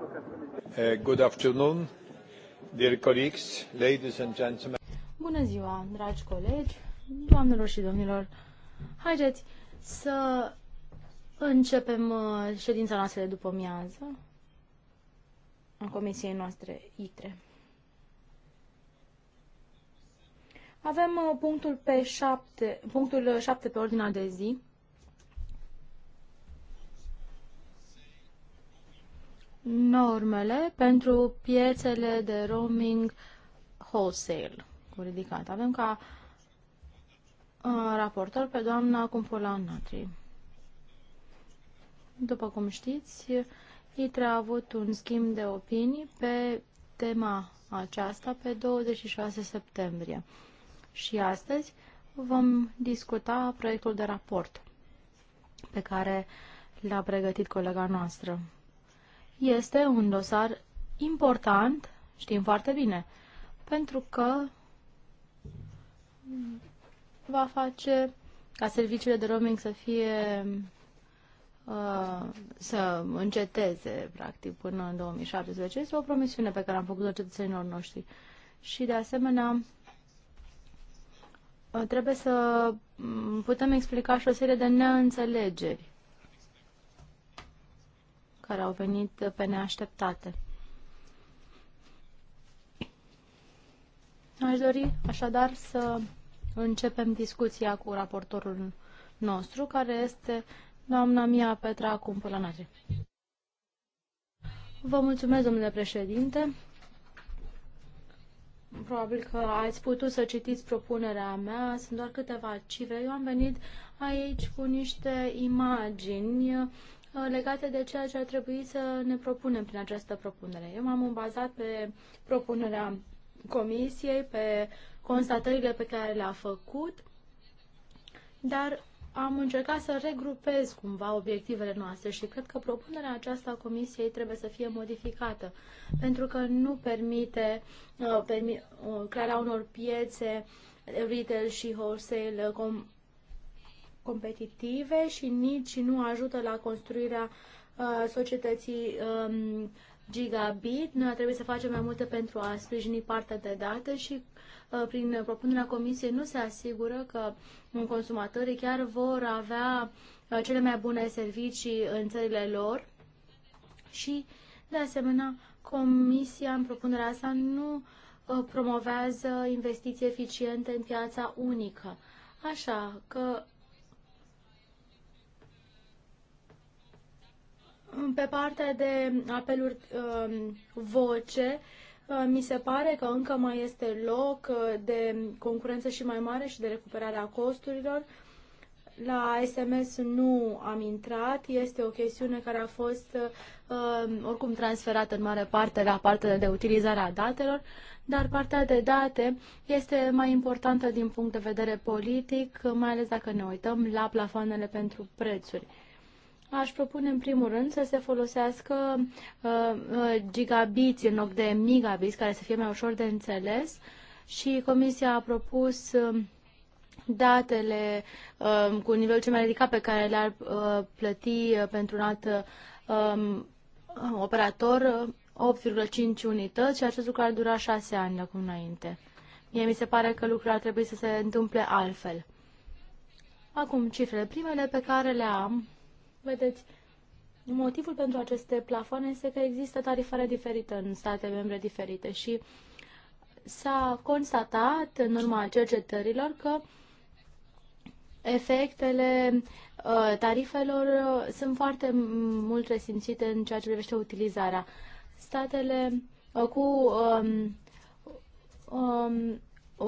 Uh, good afternoon, dear colleagues, ladies and gentlemen. Bună ziua, dragi colegi, doamnelor și domnilor. Haideți să începem uh, ședința noastră de după miază în comisiei noastre ITRE. Avem uh, punctul, pe șapte, punctul șapte pe ordinea de zi, normele pentru piețele de roaming wholesale cu ridicat. Avem ca uh, raportor pe doamna Cumpola Natri. După cum știți, ITRE a avut un schimb de opinii pe tema aceasta pe 26 septembrie. Și astăzi vom discuta proiectul de raport pe care l-a pregătit colega noastră este un dosar important, știm foarte bine, pentru că va face ca serviciile de roaming să fie uh, să înceteze, practic, până în 2017. Este o promisiune pe care am făcut-o cetățenilor noștri. Și, de asemenea, uh, trebuie să mm, putem explica și o serie de neînțelegeri care au venit pe neașteptate. Aș dori așadar să începem discuția cu raportorul nostru, care este doamna Mia Petra Cumpălănare. Vă mulțumesc, domnule președinte. Probabil că ați putut să citiți propunerea mea, sunt doar câteva cifre. Eu am venit aici cu niște imagini Uh, legate de ceea ce ar trebui să ne propunem prin această propunere. Eu m-am bazat pe propunerea comisiei, pe constatările pe care le-a făcut, dar am încercat să regrupez cumva obiectivele noastre și cred că propunerea aceasta a Comisiei trebuie să fie modificată, pentru că nu permite uh, permi, uh, crearea unor piețe retail și wholesale uh, com, competitive și nici nu ajută la construirea uh, societății um, gigabit. Noi trebuie să facem mai multe pentru a sprijini partea de date și uh, prin propunerea comisiei nu se asigură că consumatorii chiar vor avea uh, cele mai bune servicii în țările lor și, de asemenea, comisia în propunerea sa nu promovează investiții eficiente în piața unică. Așa că Mm, pe partea de apeluri um, voce, uh, mi se pare că încă mai este loc uh, de concurență și mai mare și de recuperarea costurilor. La SMS nu am intrat, este o chestiune care a fost uh, oricum transferată în mare parte la partea de utilizare a datelor, dar partea de date este mai importantă din punct de vedere politic, mai ales dacă ne uităm la plafoanele pentru prețuri. Aș propune în primul rând să se folosească uh, uh gigabiți în loc de megabiți, care să fie mai ușor de înțeles și Comisia a propus uh, datele uh, cu nivelul cel mai ridicat pe care le-ar uh, plăti uh, pentru un alt uh, operator 8,5 unități și acest lucru ar dura 6 ani de acum înainte. Mie mi se pare că lucrurile ar trebui să se întâmple altfel. Acum, cifrele primele pe care le am Vedeți, motivul pentru aceste plafoane este că există tarifare diferită în state membre diferite și s-a constatat în urma cercetărilor că efectele uh, tarifelor uh, sunt foarte mult resimțite în ceea ce privește utilizarea. Statele uh, cu um, um,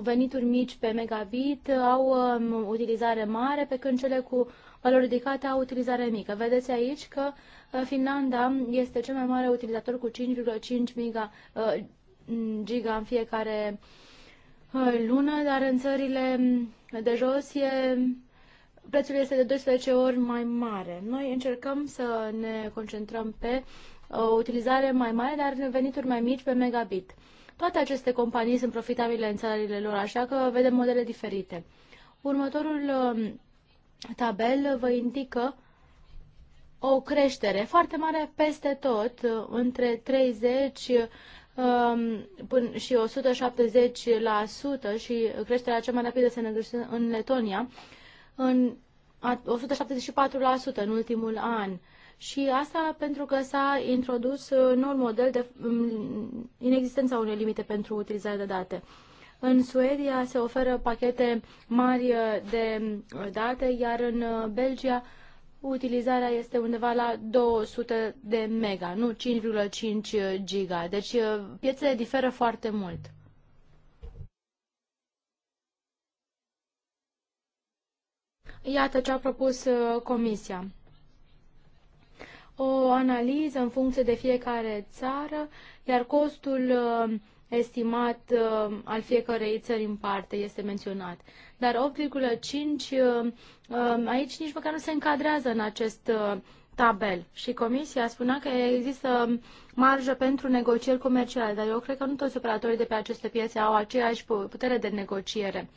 venituri mici pe megabit au um, utilizare mare, pe când cele cu valori au utilizare mică. Vedeți aici că uh, Finlanda este cel mai mare utilizator cu 5,5 uh, giga în fiecare uh, lună, dar în țările mm, de jos e, prețul este de 12 ori mai mare. Noi încercăm să ne concentrăm pe o utilizare mai mare, dar venituri mai mici pe megabit. Toate aceste companii sunt profitabile în țările lor, așa că vedem modele diferite. Următorul um, tabel vă indică o creștere foarte mare peste tot, între 30 um, și 170% și creșterea cea mai rapidă se negrește în Letonia, în 174% în ultimul an. Și asta pentru că s-a introdus noul model de um, inexistența unei limite pentru utilizarea de date. În Suedia se oferă pachete mari uh, de uh, date, iar în uh, Belgia utilizarea este undeva la 200 de mega, nu 5,5 giga. Deci piețele diferă foarte mult. Iată ce a propus Comisia. O analiză în funcție de fiecare țară, iar costul estimat uh, al fiecărei țări în parte este menționat. Dar 8,5 uh, uh, aici nici măcar nu se încadrează în acest uh, tabel. Și comisia spunea că există marjă pentru negocieri comerciale, dar eu cred că nu toți operatorii de pe aceste piețe au aceeași putere de negociere.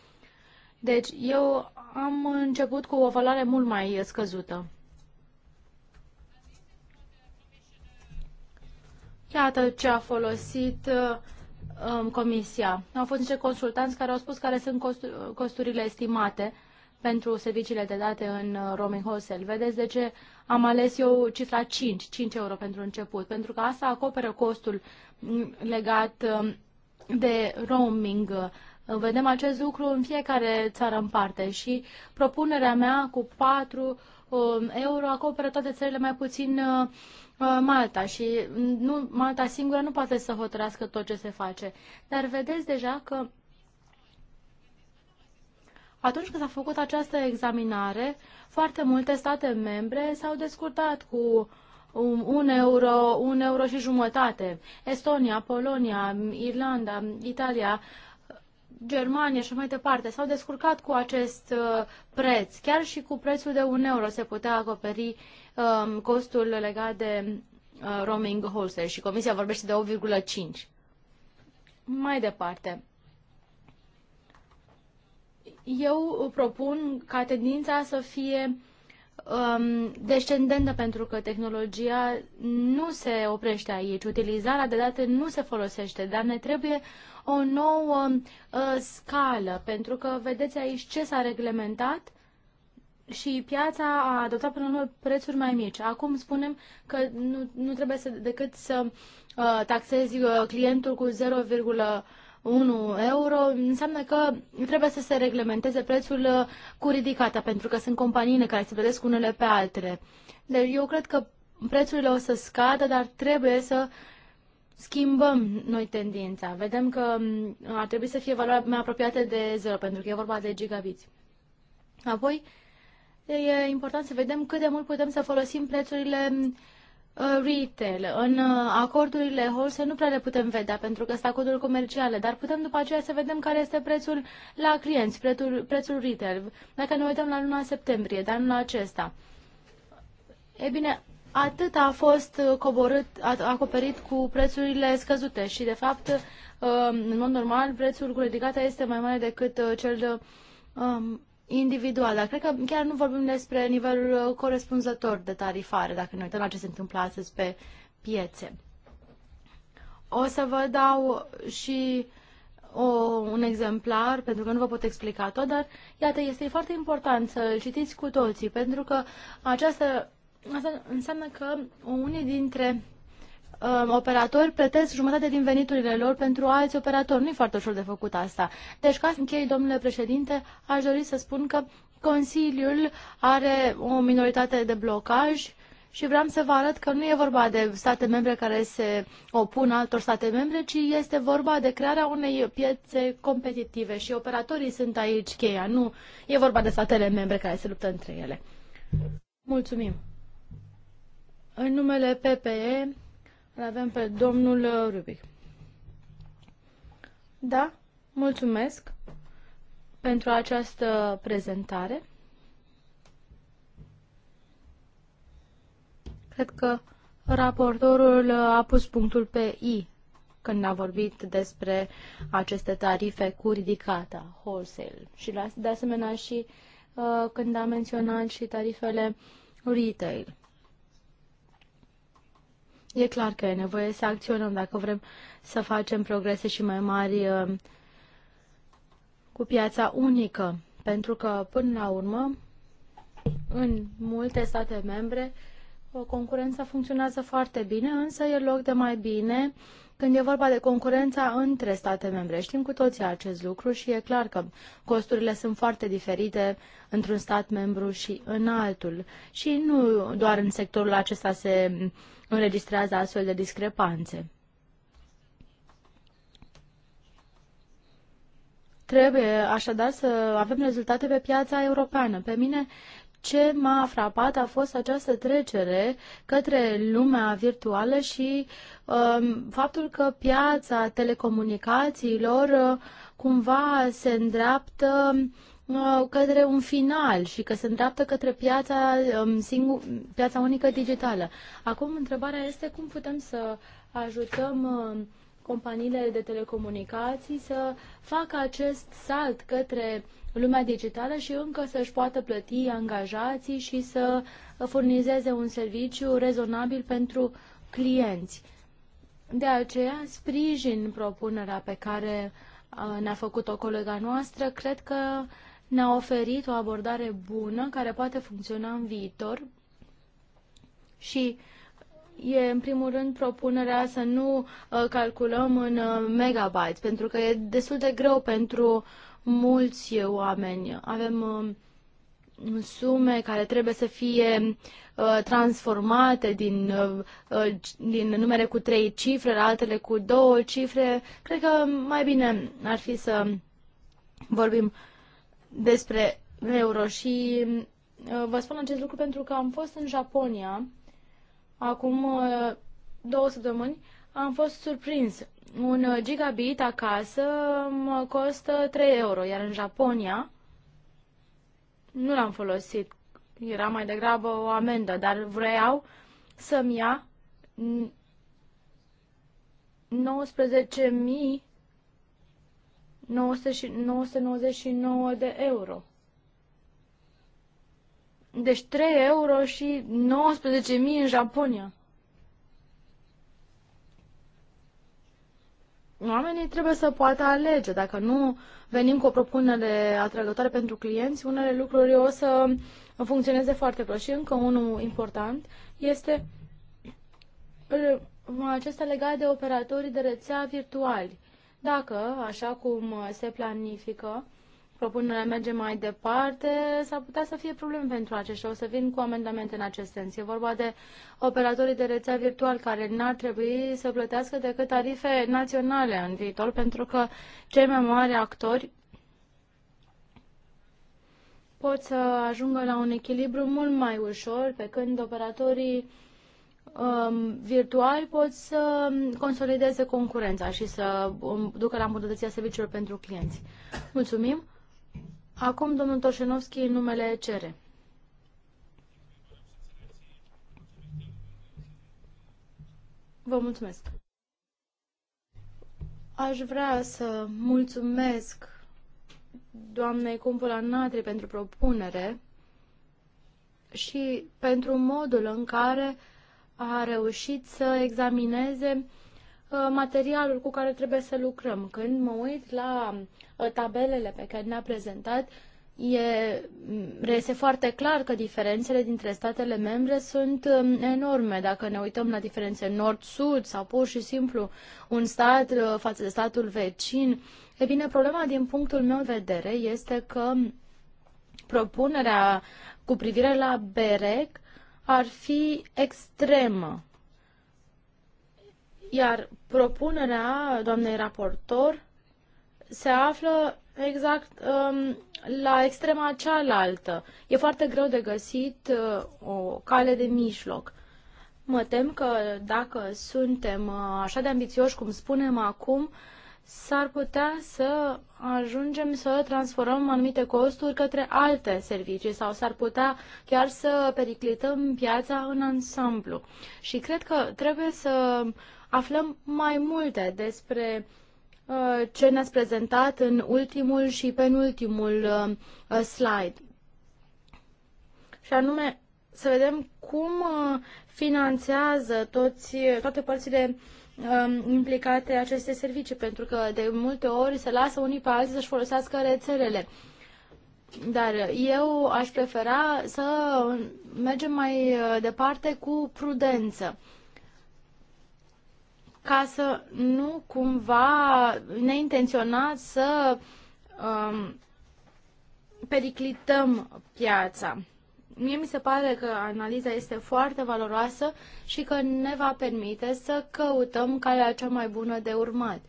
Deci eu am început cu o valoare mult mai scăzută. Iată ce a folosit uh, Um, comisia. Au fost niște consultanți care au spus care sunt costurile estimate pentru serviciile de date în uh, roaming wholesale. Vedeți de ce am ales eu cifra 5, 5 euro pentru început, pentru că asta acoperă costul mm, legat um, de roaming. Uh, vedem acest lucru în fiecare țară în parte și propunerea mea cu 4 um, euro acoperă toate țările mai puțin uh, Ă, Malta și nu, Malta singură nu poate să hotărească tot ce se face. Dar vedeți deja că atunci când s-a făcut această examinare, foarte multe state membre s-au descurtat cu un, un euro, un euro și jumătate. Estonia, Polonia, Irlanda, Italia, Germania și mai departe s-au descurcat cu acest uh, preț. Chiar și cu prețul de un euro se putea acoperi um, costul legat de uh, roaming wholesale și Comisia vorbește de 8,5. Mai departe, eu propun ca tendința să fie um, descendentă pentru că tehnologia nu se oprește aici, utilizarea de date nu se folosește, dar ne trebuie o nouă uh, scală, pentru că vedeți aici ce s-a reglementat și piața a adoptat până la prețuri mai mici. Acum spunem că nu, nu trebuie să, decât să uh, taxezi uh, clientul cu 0, 1 euro, înseamnă că trebuie să se reglementeze prețul uh, cu ridicata, pentru că sunt companiile care se vedesc unele pe altele. Deci eu cred că prețurile o să scadă, dar trebuie să schimbăm noi tendința. Vedem că mm, ar trebui să fie valoarea mai apropiată de 0, pentru că e vorba de gigabiți. Apoi, e important să vedem cât de mult putem să folosim prețurile mm, Uh, retail, în uh, acordurile wholesale nu prea le putem vedea pentru că sunt acorduri comerciale, dar putem după aceea să vedem care este prețul la clienți, prețul, prețul retail, dacă ne uităm la luna septembrie, dar nu la acesta. E bine, atât a fost uh, coborât, acoperit cu prețurile scăzute și, de fapt, în mod normal, prețul cu ridicată este mai mare decât cel de, um, individual, dar cred că chiar nu vorbim despre nivelul uh, corespunzător de tarifare, dacă ne uităm la ce se întâmplă astăzi pe piețe. O să vă dau și o, un exemplar, pentru că nu vă pot explica tot, dar iată, este foarte important să îl citiți cu toții, pentru că aceasta asta înseamnă că unii dintre uh, operatori plătesc jumătate din veniturile lor pentru alți operatori. Nu e foarte ușor de făcut asta. Deci, ca să închei, domnule președinte, aș dori să spun că Consiliul are o minoritate de blocaj și vreau să vă arăt că nu e vorba de state membre care se opun altor state membre, ci este vorba de crearea unei piețe competitive și operatorii sunt aici cheia, nu e vorba de statele membre care se luptă între ele. Mulțumim! În numele PPE îl avem pe domnul uh, Rubic. Da, mulțumesc pentru această prezentare. Cred că raportorul uh, a pus punctul pe I când a vorbit despre aceste tarife cu ridicata, wholesale. Și de asemenea și uh, când a menționat și tarifele retail. E clar că e nevoie să acționăm dacă vrem să facem progrese și mai mari uh, cu piața unică, pentru că, până la urmă, în multe state membre, concurența funcționează foarte bine, însă e loc de mai bine când e vorba de concurența între state membre. Știm cu toții acest lucru și e clar că costurile sunt foarte diferite într-un stat membru și în altul. Și nu doar în sectorul acesta se înregistrează astfel de discrepanțe. Trebuie așadar să avem rezultate pe piața europeană. Pe mine ce m-a frapat a fost această trecere către lumea virtuală și um, faptul că piața telecomunicațiilor uh, cumva se îndreaptă uh, către un final și că se îndreaptă către piața, um, singur, piața unică digitală. Acum întrebarea este cum putem să ajutăm uh, companiile de telecomunicații să facă acest salt către lumea digitală și încă să-și poată plăti angajații și să furnizeze un serviciu rezonabil pentru clienți. De aceea, sprijin propunerea pe care ne-a făcut-o colega noastră. Cred că ne-a oferit o abordare bună care poate funcționa în viitor și uh, e, în primul rând, propunerea să nu uh, calculăm în uh, megabytes, pentru că e destul de greu pentru mulți oameni. Avem um, sume care trebuie să fie uh, transformate din, din numere cu trei cifre la altele cu două cifre. Cred că mai bine ar fi să vorbim despre euro și vă spun acest lucru pentru că am fost în Japonia acum uh, două săptămâni, am fost surprins. Un uh, gigabit acasă mă costă 3 euro, iar în Japonia nu l-am folosit. Era mai degrabă o amendă, dar vreau să-mi ia 19.999 de euro. Deci 3 euro și 19.000 în Japonia. Oamenii trebuie să poată alege. Dacă nu venim cu o propunere atrăgătoare pentru clienți, unele lucruri o să funcționeze foarte prost. Și încă unul important este uh, acesta legat de operatorii de rețea virtuali. Dacă, așa cum se planifică, propunerea merge mai departe, s-ar putea să fie probleme pentru aceștia. O să vin cu amendamente în acest sens. E vorba de operatorii de rețea virtual care n-ar trebui să plătească decât tarife naționale în viitor, pentru că cei mai mari actori pot să ajungă la un echilibru mult mai ușor, pe când operatorii um, virtuali pot să consolideze concurența și să um, ducă la îmbunătățirea serviciilor pentru clienți. Mulțumim! Acum domnul Toșenovski numele cere. Vă mulțumesc. Aș vrea să mulțumesc doamnei Cumpula Natri pentru propunere și pentru modul în care a reușit să examineze Uh, materialul cu care trebuie să lucrăm. Când mă uit la uh, tabelele pe care ne-a prezentat, e, mm, reiese foarte clar că diferențele dintre statele membre sunt um, enorme. Dacă ne uităm la diferențe nord-sud sau pur și simplu un stat uh, față de statul vecin, e bine, problema din punctul meu de vedere este că propunerea cu privire la BEREC ar fi extremă iar propunerea doamnei raportor se află exact um, la extrema cealaltă. E foarte greu de găsit uh, o cale de mijloc. Mă tem că dacă suntem uh, așa de ambițioși cum spunem acum, uh, s-ar putea să ajungem să transformăm anumite costuri către alte servicii sau s-ar putea chiar să periclităm piața în ansamblu. Și cred că trebuie să aflăm mai multe despre uh, ce ne-ați prezentat în ultimul și penultimul uh, slide. Și anume, să vedem cum uh, finanțează toți, toate părțile uh, Um, implicate aceste servicii, pentru că de multe ori se lasă unii pe alții să-și folosească rețelele. Dar eu aș prefera să mergem mai uh, departe cu prudență ca să nu cumva neintenționat să um, periclităm piața. Mie mi se pare că analiza este foarte valoroasă și că ne va permite să căutăm calea cea mai bună de urmat.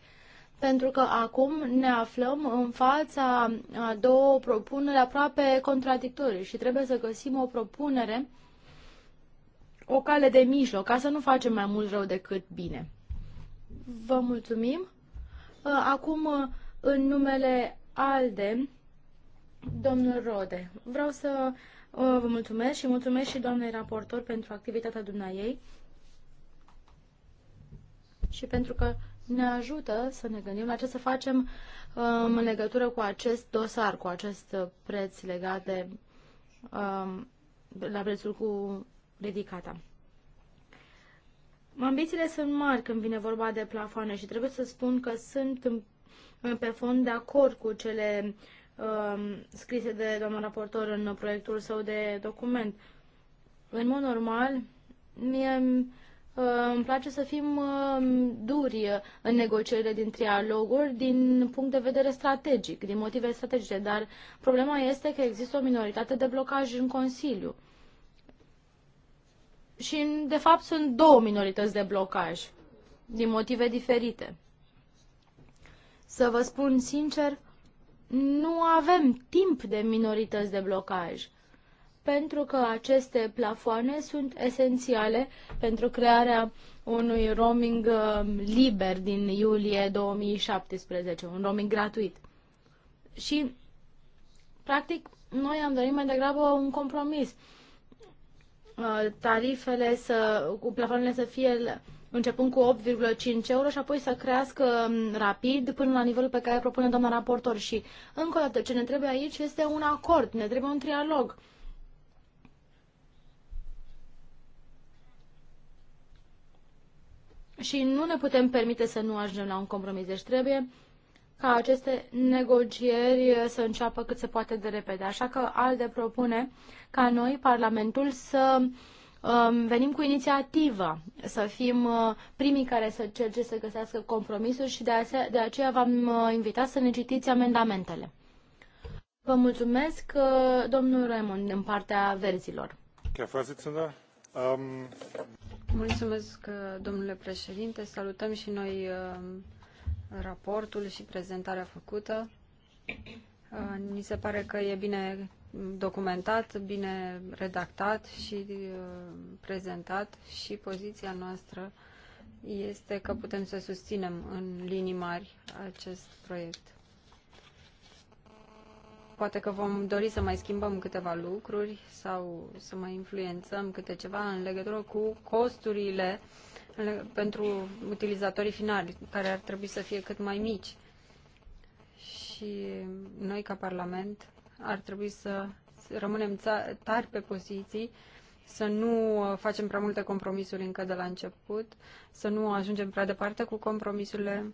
Pentru că acum ne aflăm în fața a două propuneri aproape contradictorii și trebuie să găsim o propunere, o cale de mijloc, ca să nu facem mai mult rău decât bine. Vă mulțumim. Ă, acum, în numele ALDE, domnul Rode, vreau să Uh, vă mulțumesc și mulțumesc și doamnei raportor pentru activitatea dumneaei și pentru că ne ajută să ne gândim la ce să facem um, în legătură cu acest dosar, cu acest preț legat de um, la prețul cu ridicata. Ambițiile sunt mari când vine vorba de plafoane și trebuie să spun că sunt pe fond de acord cu cele Um, scrise de domnul raportor în proiectul său de document. În mod normal, mie um, îmi place să fim um, duri în negocierile din trialoguri din punct de vedere strategic, din motive strategice, dar problema este că există o minoritate de blocaj în Consiliu. Și, de fapt, sunt două minorități de blocaj, din motive diferite. Să vă spun sincer, nu avem timp de minorități de blocaj, pentru că aceste plafoane sunt esențiale pentru crearea unui roaming uh, liber din iulie 2017, un roaming gratuit. Și, practic, noi am dorit mai degrabă un compromis. Uh, tarifele să, cu plafoanele să fie începând cu 8,5 euro și apoi să crească um, rapid până la nivelul pe care propune doamna raportor. Și încă o dată, ce ne trebuie aici este un acord, ne trebuie un trialog. Și nu ne putem permite să nu ajungem la un compromis. Deci trebuie ca aceste negocieri uh, să înceapă cât se poate de repede. Așa că ALDE propune ca noi, Parlamentul, să uh, Um, venim cu inițiativa, să fim uh, primii care să cerce să găsească compromisuri și de, ase- de aceea v-am uh, invitat să ne citiți amendamentele. Vă mulțumesc, uh, domnul Raymond, din partea verzilor. Um, mulțumesc, domnule președinte. Salutăm și noi raportul și prezentarea făcută. Ni se pare că e bine documentat, bine redactat și uh, prezentat și poziția noastră este că putem să susținem în linii mari acest proiect. Poate că vom dori să mai schimbăm câteva lucruri sau să mai influențăm câte ceva în legătură cu costurile pentru utilizatorii finali, care ar trebui să fie cât mai mici. Și noi, ca Parlament, ar trebui să rămânem tari pe poziții, să nu uh, facem prea multe compromisuri încă de la început, să nu ajungem prea departe cu compromisurile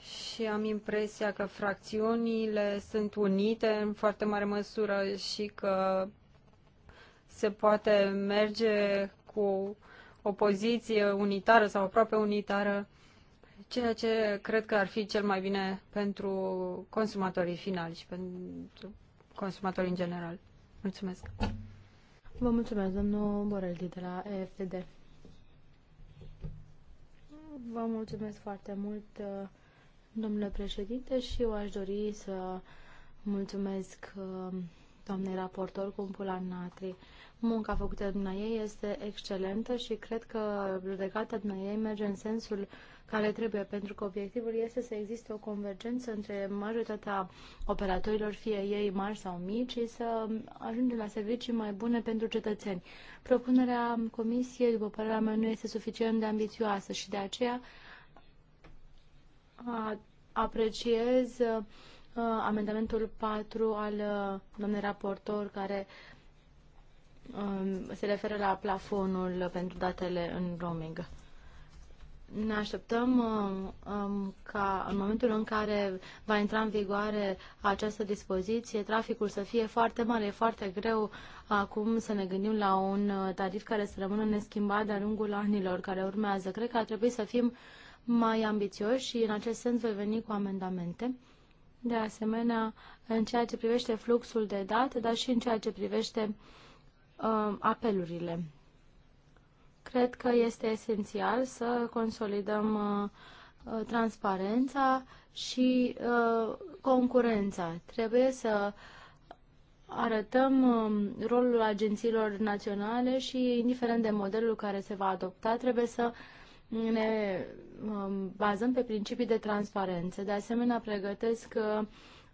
și am impresia că fracțiunile sunt unite în foarte mare măsură și că se poate merge cu o poziție unitară sau aproape unitară, ceea ce cred că ar fi cel mai bine pentru consumatorii finali și pentru consumatorii în general. Mulțumesc. Vă mulțumesc, domnul Boreldi de la EFD. Vă mulțumesc foarte mult, domnule președinte, și eu aș dori să mulțumesc doamnei raportor Cumpula Natri. Munca făcută de dumneavoastră este excelentă și cred că judecata dumneavoastră merge în sensul care trebuie, pentru că obiectivul este să existe o convergență între majoritatea operatorilor, fie ei mari sau mici, și să ajungem la servicii mai bune pentru cetățeni. Propunerea Comisiei, după părerea mea, nu este suficient de ambițioasă și de aceea apreciez uh, amendamentul 4 al uh, domnului raportor care Um, se referă la plafonul pentru datele în roaming. Ne așteptăm um, um, ca în momentul în care va intra în vigoare această dispoziție, traficul să fie foarte mare. E foarte greu acum să ne gândim la un uh, tarif care să rămână neschimbat de-a lungul anilor care urmează. Cred că ar trebui să fim mai ambițioși și în acest sens voi veni cu amendamente. De asemenea, în ceea ce privește fluxul de date, dar și în ceea ce privește uh, uh, apelurile. Cred că este esențial să consolidăm uh, uh transparența și uh, concurența. Trebuie să arătăm uh, rolul agențiilor naționale și, indiferent de modelul care se va adopta, trebuie să ne um, bazăm pe principii de transparență. De asemenea, pregătesc uh,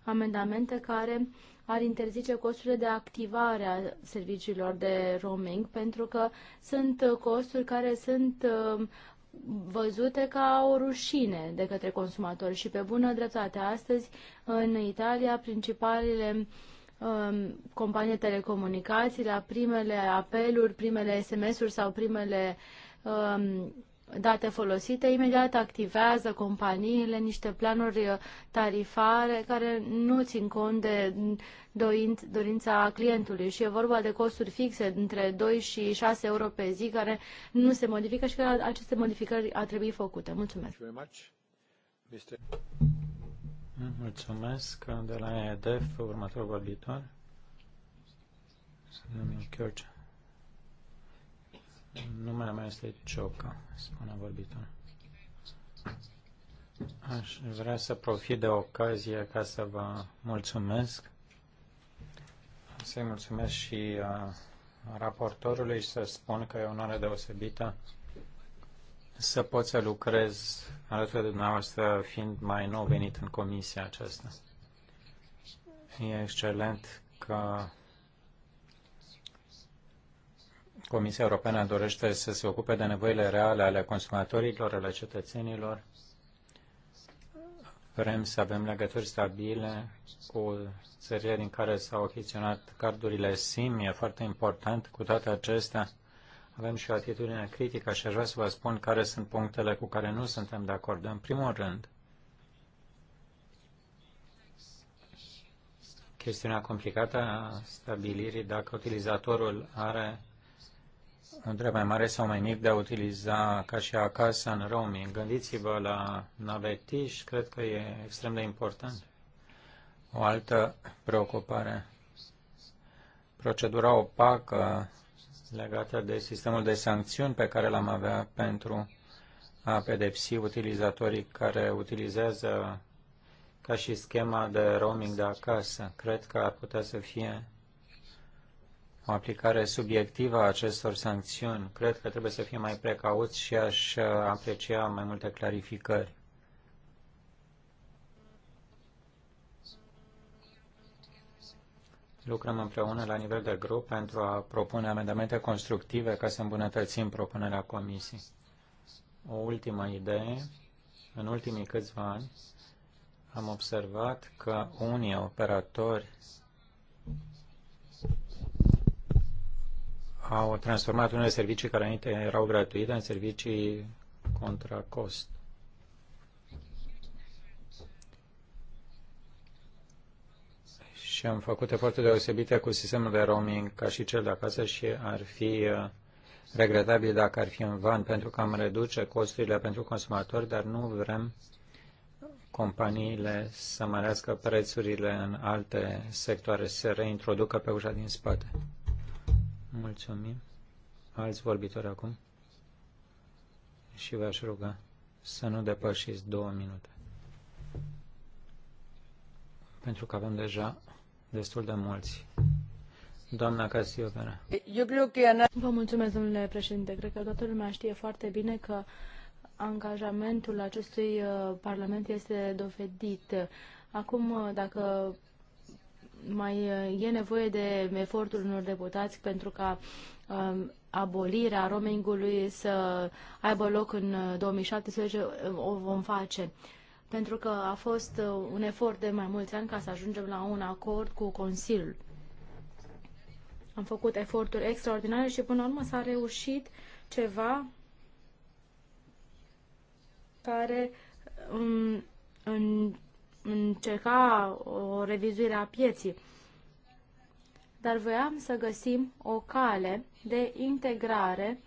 amendamente care uh, ar interzice costurile de activare a serviciilor de roaming, pentru că sunt costuri care sunt um, văzute ca o rușine de către consumatori și pe bună dreptate. Astăzi, în Italia, principalele um, companii telecomunicații, la primele apeluri, primele SMS-uri sau primele um, date folosite, imediat activează companiile niște planuri tarifare care nu țin cont de dorința clientului și e vorba de costuri fixe între 2 și 6 euro pe zi care nu se modifică și că aceste modificări ar trebui făcute. Mulțumesc! Mulțumesc de la EDF, următorul vorbitor. numim Chiorce. Numele meu este Cioca, spune vorbitorul. Aș vrea să profit de ocazie ca să vă mulțumesc. Să-i mulțumesc și uh, raportorului și să spun că e o onoare deosebită să pot să lucrez alături de dumneavoastră fiind mai nou venit în comisia aceasta. E excelent că Comisia Europeană dorește să se ocupe de nevoile reale ale consumatorilor, ale cetățenilor. Vrem să avem legături stabile cu țările din care s-au achiziționat cardurile SIM. E foarte important. Cu toate acestea, avem și o atitudine critică și aș vrea să vă spun care sunt punctele cu care nu suntem de acord. În primul rând, chestiunea complicată a stabilirii dacă utilizatorul are între mai mare sau mai mic de a utiliza ca și acasă în roaming. Gândiți-vă la navetiș, cred că e extrem de important. O altă preocupare, procedura opacă legată de sistemul de sancțiuni pe care l-am avea pentru a pedepsi utilizatorii care utilizează ca și schema de roaming de acasă. Cred că ar putea să fie o aplicare subiectivă a acestor sancțiuni. Cred că trebuie să fie mai precauți și aș uh, aprecia mai multe clarificări. Lucrăm împreună la nivel de grup pentru a propune amendamente constructive ca să îmbunătățim propunerea comisiei. O ultimă idee. În ultimii câțiva ani am observat că unii operatori au transformat unele servicii care înainte erau gratuite în servicii contra cost. Și am făcut eforturi deosebite cu sistemul de roaming ca și cel de acasă și ar fi uh, regretabil dacă ar fi în van pentru că am reduce costurile pentru consumatori, dar nu vrem companiile să mărească prețurile în alte sectoare, să reintroducă pe ușa din spate. Mulțumim. Alți vorbitori acum? Și v-aș ruga să nu depășiți două minute. Pentru că avem deja destul de mulți. Doamna Casiopera. Vă mulțumesc, domnule președinte. Cred că toată lumea știe foarte bine că angajamentul acestui uh, parlament este dovedit. Acum, uh, dacă mai uh, e nevoie de efortul unor deputați pentru ca um, abolirea roamingului să aibă loc în 2017, uh, uh, o vom face. Pentru că a fost un efort de mai mulți ani ca să ajungem la un acord cu Consiliul. Am făcut eforturi extraordinare și până la urmă s-a reușit ceva care um, în încerca o revizuire a pieții. Dar voiam să găsim o cale de integrare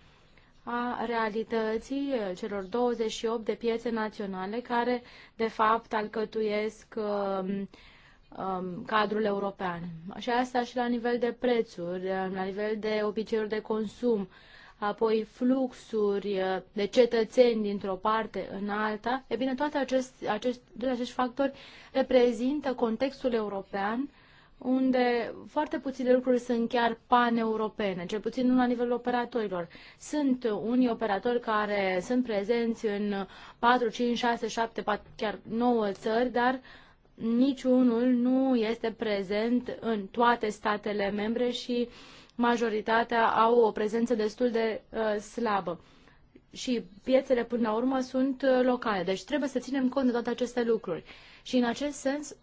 a realității celor 28 de piețe naționale care, de fapt, alcătuiesc um, um, cadrul european. Și asta și la nivel de prețuri, la nivel de obiceiuri de consum, apoi fluxuri uh, de cetățeni dintr-o parte în alta, e bine, toate acest, acest, toate acești factori reprezintă contextul european unde foarte puține lucruri sunt chiar paneuropene, cel puțin nu la nivelul operatorilor. Sunt unii operatori care sunt prezenți în 4, 5, 6, 7, 4, chiar 9 țări, dar niciunul nu este prezent în toate statele membre și majoritatea au o prezență destul de uh, slabă. Și piețele, până la urmă, sunt uh, locale. Deci trebuie să ținem cont de toate aceste lucruri. Și în acest sens,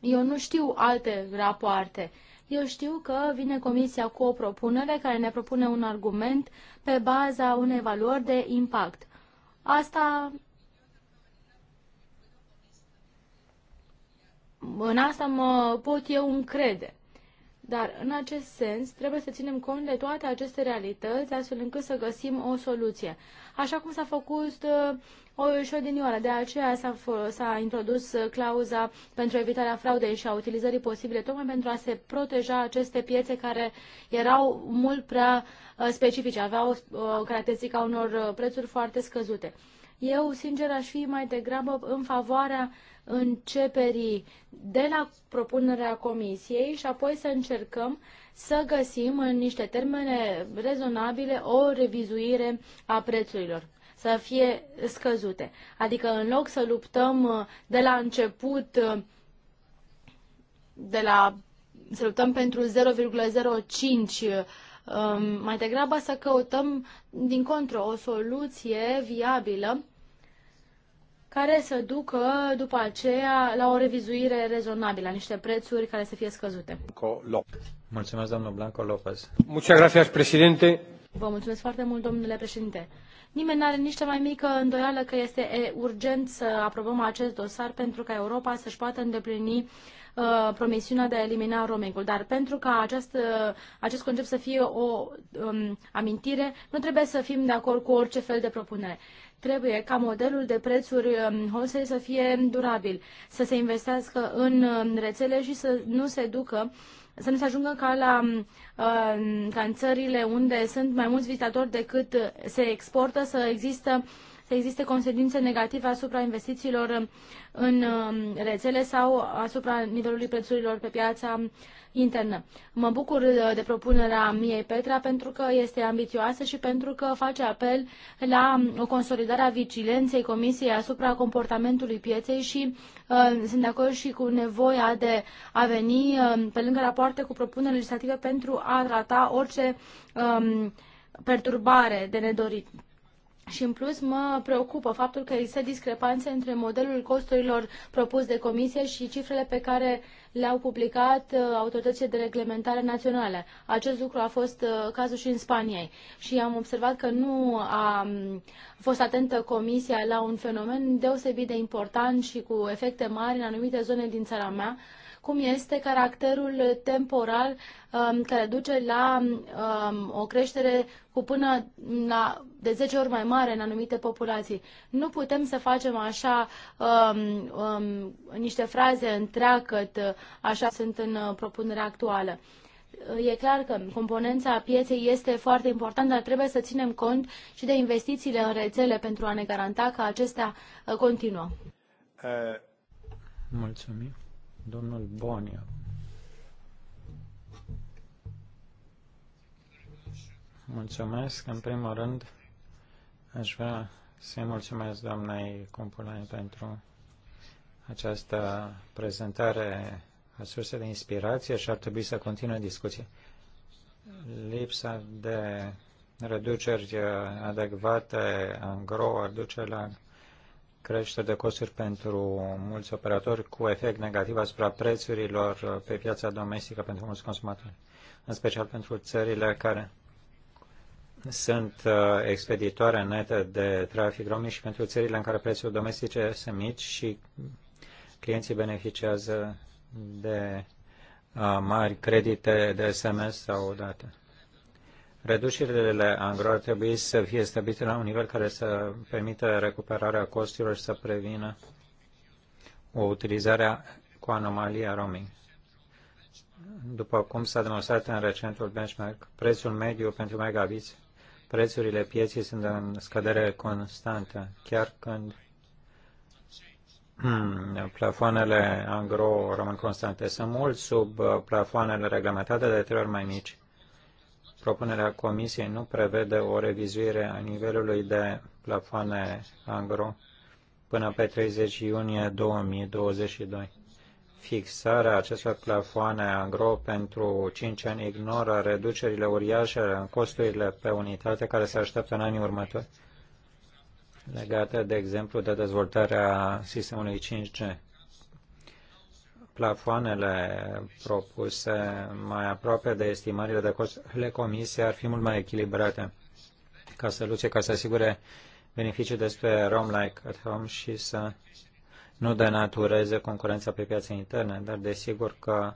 eu nu știu alte rapoarte. Eu știu că vine comisia cu o propunere care ne propune un argument pe baza unei valori de impact. Asta în asta mă pot eu încrede. Dar, în acest sens, trebuie să ținem cont de toate aceste realități, astfel încât să găsim o soluție. Așa cum s-a făcut uh, o șodinioară, de aceea s-a, introdus uh, clauza pentru evitarea fraudei și a utilizării posibile, tocmai pentru a se proteja aceste piețe care erau mult prea uh, specifice, aveau uh, caracteristica unor uh, prețuri foarte scăzute. Eu, sincer, aș fi mai degrabă în favoarea uh, începerii de la propunerea comisiei și apoi să încercăm să găsim în niște termene rezonabile o revizuire a prețurilor să fie scăzute. Adică în loc să luptăm uh, de la început uh, de la să luptăm pentru 0,05 uh, um, mai degrabă să căutăm din contră o soluție viabilă care să ducă după aceea la o revizuire rezonabilă, la niște prețuri care să fie scăzute. Mulțumesc, domnul Blanco Lopez. Muchas gracias, președinte. Vă mulțumesc foarte mult, domnule președinte. Nimeni nu are nici cea mai mică îndoială că este urgent să aprobăm acest dosar pentru ca Europa să-și poată îndeplini uh, promisiunea de a elimina roamingul. Dar pentru ca acest, uh, acest concept să fie o um, amintire, nu trebuie să fim de acord cu orice fel de propunere. Trebuie ca modelul de prețuri um, wholesale să fie durabil, să se investească în um, rețele și să nu se ducă să nu se ajungă ca, la, um, uh, ca în țările unde sunt mai mulți vizitatori decât se exportă, să există există existe consecințe negative asupra investițiilor în um, rețele sau asupra nivelului prețurilor pe piața internă. Mă bucur uh, de propunerea Miei Petra pentru că este ambițioasă și pentru că face apel la um, o consolidare a vigilenței Comisiei asupra comportamentului pieței și uh, sunt de acord și cu nevoia de a veni uh, pe lângă rapoarte cu propuneri legislative pentru a trata orice um, perturbare de nedorit. Și în plus mă preocupă faptul că există discrepanțe între modelul costurilor propus de comisie și cifrele pe care le-au publicat uh, autoritățile de reglementare naționale. Acest lucru a fost uh, cazul și în Spaniei. Și am observat că nu a fost atentă comisia la un fenomen deosebit de important și cu efecte mari în anumite zone din țara mea, cum este caracterul temporal um, care duce la um, o creștere cu până la de 10 ori mai mare în anumite populații. Nu putem să facem așa um, um, niște fraze întreagăt, așa sunt în uh, propunerea actuală. E clar că componența pieței este foarte importantă, dar trebuie să ținem cont și de investițiile în rețele pentru a ne garanta că acestea uh, continuă. Uh, Mulțumim. Domnul Bonia. Mulțumesc. În primul rând, aș vrea să-i mulțumesc doamnei Cumpulani pentru această prezentare a surse de inspirație și ar trebui să continue discuția. Lipsa de reduceri adecvate în gro ar duce la creșteri de costuri pentru mulți operatori cu efect negativ asupra prețurilor pe piața domestică pentru mulți consumatori, în special pentru țările care sunt uh, expeditoare nete de trafic romi și pentru țările în care prețurile domestice sunt mici și clienții beneficiază de uh, mari credite de SMS sau date. Reducerile angro ar trebui să fie stabilite la un nivel care să permită recuperarea costurilor și să prevină o utilizare cu anomalia roaming. După cum s-a demonstrat în recentul benchmark, prețul mediu pentru megabits, prețurile pieții sunt în scădere constantă, chiar când plafoanele angro rămân constante. Sunt mult sub plafoanele reglementate de trei ori mai mici Propunerea Comisiei nu prevede o revizuire a nivelului de plafoane angro până pe 30 iunie 2022. Fixarea acestor plafoane angro pentru 5 ani ignoră reducerile uriașe în costurile pe unitate care se așteaptă în anii următori, legate, de exemplu, de dezvoltarea sistemului 5G plafoanele propuse mai aproape de estimările de cost ale comisiei ar fi mult mai echilibrate ca soluție, ca să asigure beneficii despre rom Like at Home și să nu denatureze concurența pe piața internă, dar desigur că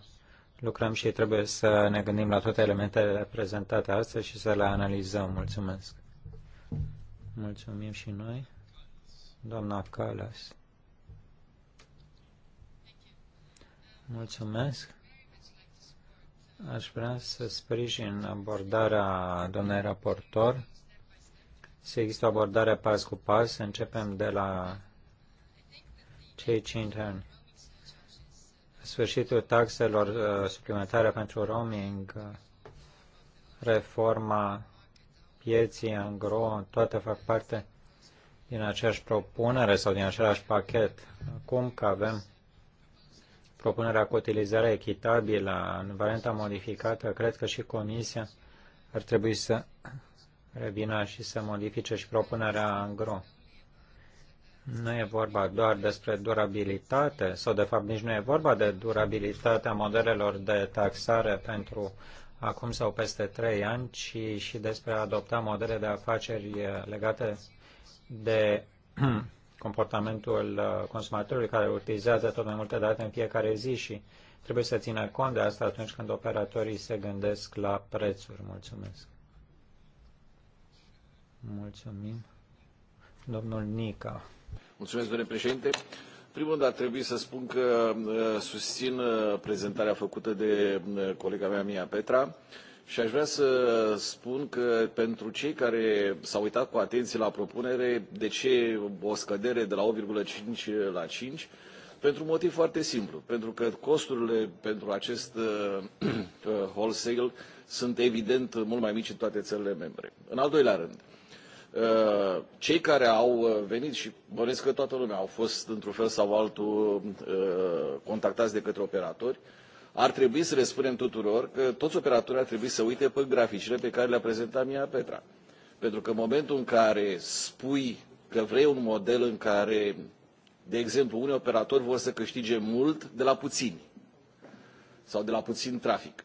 lucrăm și trebuie să ne gândim la toate elementele prezentate astăzi și să le analizăm. Mulțumesc! Mulțumim și noi, doamna Calas. Mulțumesc. Aș vrea să sprijin abordarea domnului raportor. Să există o abordare pas cu pas. Începem de la cei cinci ani. Sfârșitul taxelor uh, suplimentare pentru roaming, reforma pieții angro, toate fac parte din aceeași propunere sau din același pachet. Acum că avem propunerea cu utilizarea echitabilă în varianta modificată, cred că și Comisia ar trebui să revină și să modifice și propunerea gro. Nu e vorba doar despre durabilitate, sau de fapt nici nu e vorba de durabilitatea modelelor de taxare pentru acum sau peste trei ani, ci și despre a adopta modele de afaceri legate de comportamentul uh, consumatorului care utilizează tot mai multe date în fiecare zi și trebuie să țină cont de asta atunci când operatorii se gândesc la prețuri. Mulțumesc. Mulțumim. Domnul Nica. Mulțumesc, domnule președinte. Primul rând, ar trebui să spun că uh, susțin uh, prezentarea făcută de colega mea, Mia Petra. Și aș vrea să spun că pentru cei care s-au uitat cu atenție la propunere, de ce o scădere de la 8,5 la 5? Pentru un motiv foarte simplu, pentru că costurile pentru acest uh, uh, wholesale sunt evident mult mai mici în toate țările membre. În al doilea rând, uh, cei care au venit și bănesc că toată lumea au fost într-un fel sau altul contactați de către operatori, ar trebui să le spunem tuturor că toți operatorii ar trebui să uite pe graficile pe care le-a prezentat Mia Petra. Pentru că în momentul în care spui că vrei un model în care, de exemplu, unii operatori vor să câștige mult de la puțini sau de la puțin trafic,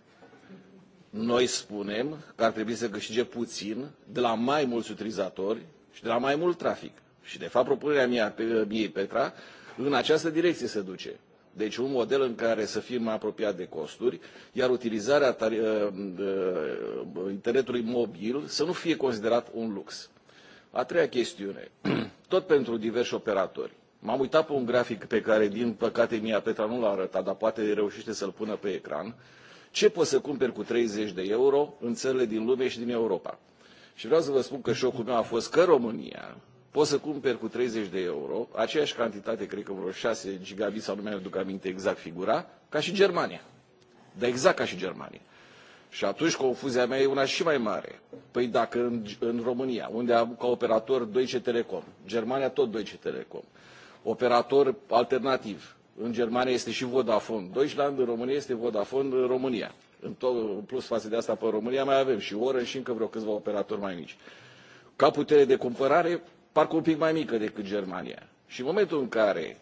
noi spunem că ar trebui să câștige puțin de la mai mulți utilizatori și de la mai mult trafic. Și, de fapt, propunerea mea, miei Petra, în această direcție se duce. Deci un model în care să fim apropiat de costuri, iar utilizarea ă, ă, ă, internetului mobil să nu fie considerat un lux. A treia chestiune, tot pentru diversi operatori. M-am uitat pe un grafic pe care, din păcate, Mia Petra nu l-a arătat, dar poate reușește să-l pună pe ecran. Ce poți să cumperi cu 30 de euro în țările din lume și din Europa? Și vreau să vă spun că șocul meu a fost că România, poți să cumperi cu 30 de euro aceeași cantitate, cred că vreo 6 gigabit sau nu mai aduc aminte exact figura, ca și Germania. Dar exact ca și Germania. Și atunci confuzia mea e una și mai mare. Păi dacă în, în România, unde am ca operator 2C telecom, Germania tot 2C telecom, operator alternativ, în Germania este și Vodafone, Deutschland în România este Vodafone în România. În, tot, în plus față de asta pe România mai avem și Orange și încă vreo câțiva operatori mai mici. Ca putere de cumpărare, parcă un pic mai mică decât Germania. Și în momentul în care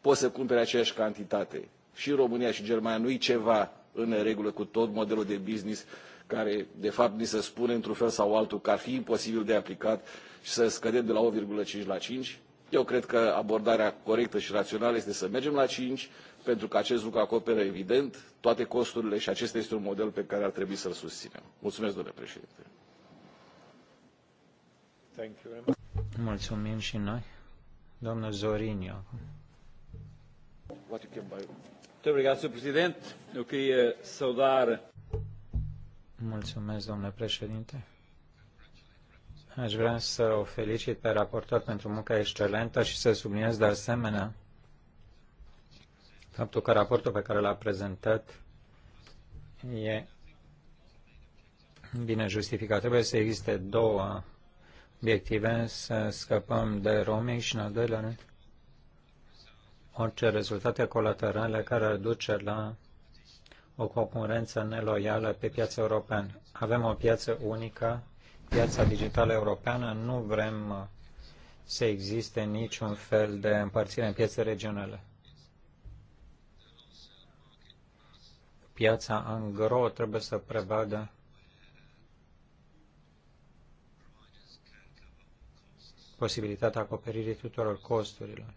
poți să cumperi aceeași cantitate și România și Germania, nu-i ceva în regulă cu tot modelul de business care, de fapt, ni se spune într-un fel sau altul că ar fi imposibil de aplicat și să scădem de la 1,5 la 5. Eu cred că abordarea corectă și rațională este să mergem la 5, pentru că acest lucru acoperă, evident, toate costurile și acesta este un model pe care ar trebui să-l susținem. Mulțumesc, domnule președinte. Mulțumim și noi. Doamna Zorini Muito obrigado, Sr. Presidente. Eu queria saudar. Mulțumesc, domnule președinte. Aș vrea să o felicit pe raportor pentru munca excelentă și să subliniez de asemenea faptul că raportul pe care l-a prezentat e bine justificat. Trebuie să existe două obiective să scăpăm de roaming și, în al doilea rând, orice rezultate colaterale care ar duce la o concurență neloială pe piața europeană. Avem o piață unică, piața digitală europeană, nu vrem să existe niciun fel de împărțire în piețe regionale. Piața angro trebuie să prevadă posibilitatea acoperirii tuturor costurilor.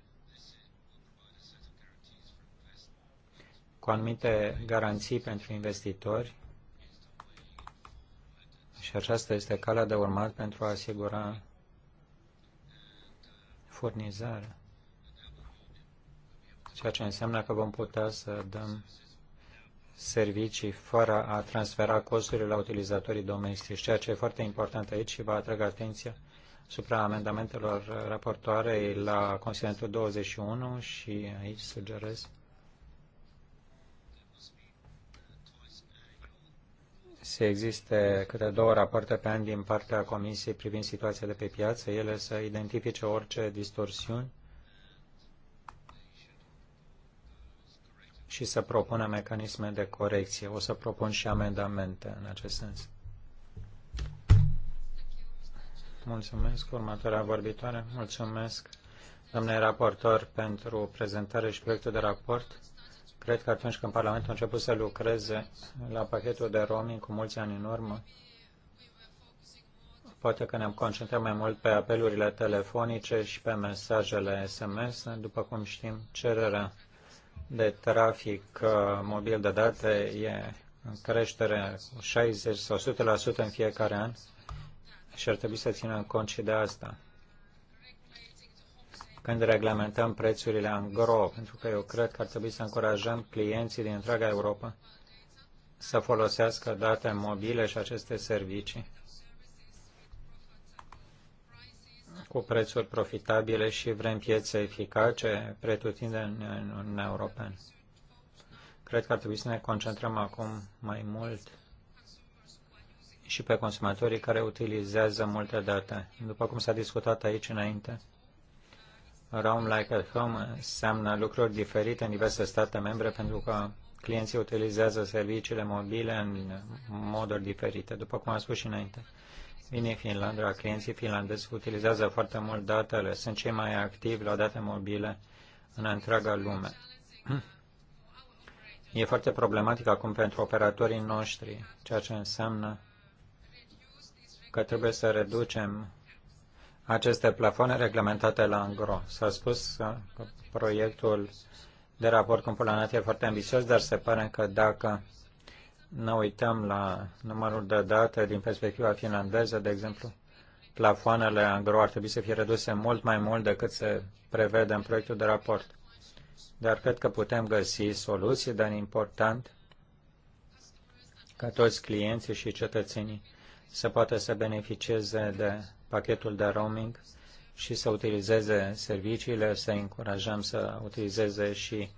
Cu anumite garanții pentru investitori și aceasta este calea de urmat pentru a asigura furnizarea. Ceea ce înseamnă că vom putea să dăm servicii fără a transfera costurile la utilizatorii domestici, ceea ce e foarte important aici și va atrag atenția asupra amendamentelor raportoarei la Consiliul 21 și aici sugerez să existe câte două rapoarte pe an din partea Comisiei privind situația de pe piață, ele să identifice orice distorsiuni și să propună mecanisme de corecție. O să propun și amendamente în acest sens. Mulțumesc, următoarea vorbitoare. Mulțumesc, domnule raportor, pentru prezentare și proiectul de raport. Cred că atunci când Parlamentul a început să lucreze la pachetul de roaming cu mulți ani în urmă, poate că ne-am concentrat mai mult pe apelurile telefonice și pe mesajele SMS. După cum știm, cererea de trafic uh, mobil de date e în creștere 60 sau 100% în fiecare an și ar trebui să țină cont și de asta când reglementăm prețurile în gro, pentru că eu cred că ar trebui să încurajăm clienții din întreaga Europa să folosească date mobile și aceste servicii cu prețuri profitabile și vrem piețe eficace pretutindeni în Uniunea Europeană. Cred că ar trebui să ne concentrăm acum mai mult și pe consumatorii care utilizează multe date. După cum s-a discutat aici înainte, Roam Like at Home înseamnă lucruri diferite în diverse state membre pentru că clienții utilizează serviciile mobile în moduri diferite, după cum am spus și înainte. Vine Finlanda, clienții finlandezi utilizează foarte mult datele, sunt cei mai activi la date mobile în întreaga lume. E foarte problematic acum pentru operatorii noștri, ceea ce înseamnă că trebuie să reducem aceste plafoane reglementate la îngro. S-a spus că proiectul de raport cu planat e foarte ambițios, dar se pare că dacă ne uităm la numărul de date din perspectiva finlandeză, de exemplu, plafoanele îngro ar trebui să fie reduse mult mai mult decât se prevede în proiectul de raport. Dar cred că putem găsi soluții, dar important ca toți clienții și cetățenii să poată să beneficieze de pachetul de roaming și să utilizeze serviciile, să încurajăm să utilizeze și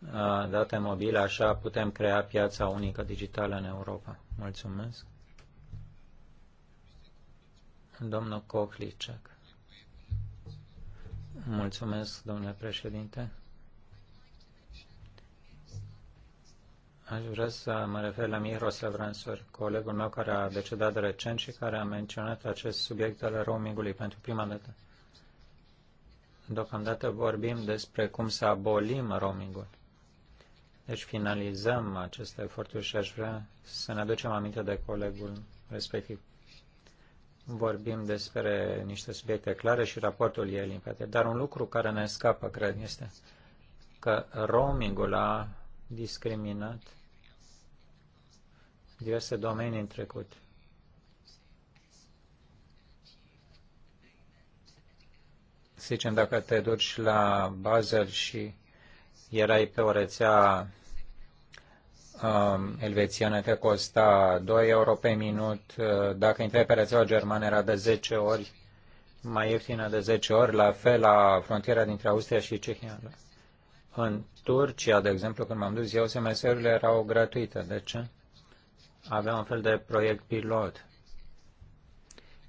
uh, date mobile, așa putem crea piața unică digitală în Europa. Mulțumesc. Domnul Kohlicek. Mulțumesc, domnule președinte. Aș vrea să mă refer la Miroslav Ransor, colegul meu care a decedat recent și care a menționat acest subiect al roamingului pentru prima dată. Deocamdată vorbim despre cum să abolim roamingul. Deci finalizăm aceste eforturi și aș vrea să ne aducem aminte de colegul respectiv. Vorbim despre niște subiecte clare și raportul e limpede. Dar un lucru care ne scapă, cred, este că roamingul a discriminat diverse domenii în trecut. Să zicem, dacă te duci la Basel și erai pe o rețea um, elvețiană, te costa 2 euro pe minut. Uh, dacă intrai pe rețeaua germană, era de 10 ori mai ieftină de 10 ori, la fel la frontiera dintre Austria și Cehia. În Turcia, de exemplu, când m-am dus eu, SMS-urile erau gratuite. De ce? Aveam un fel de proiect pilot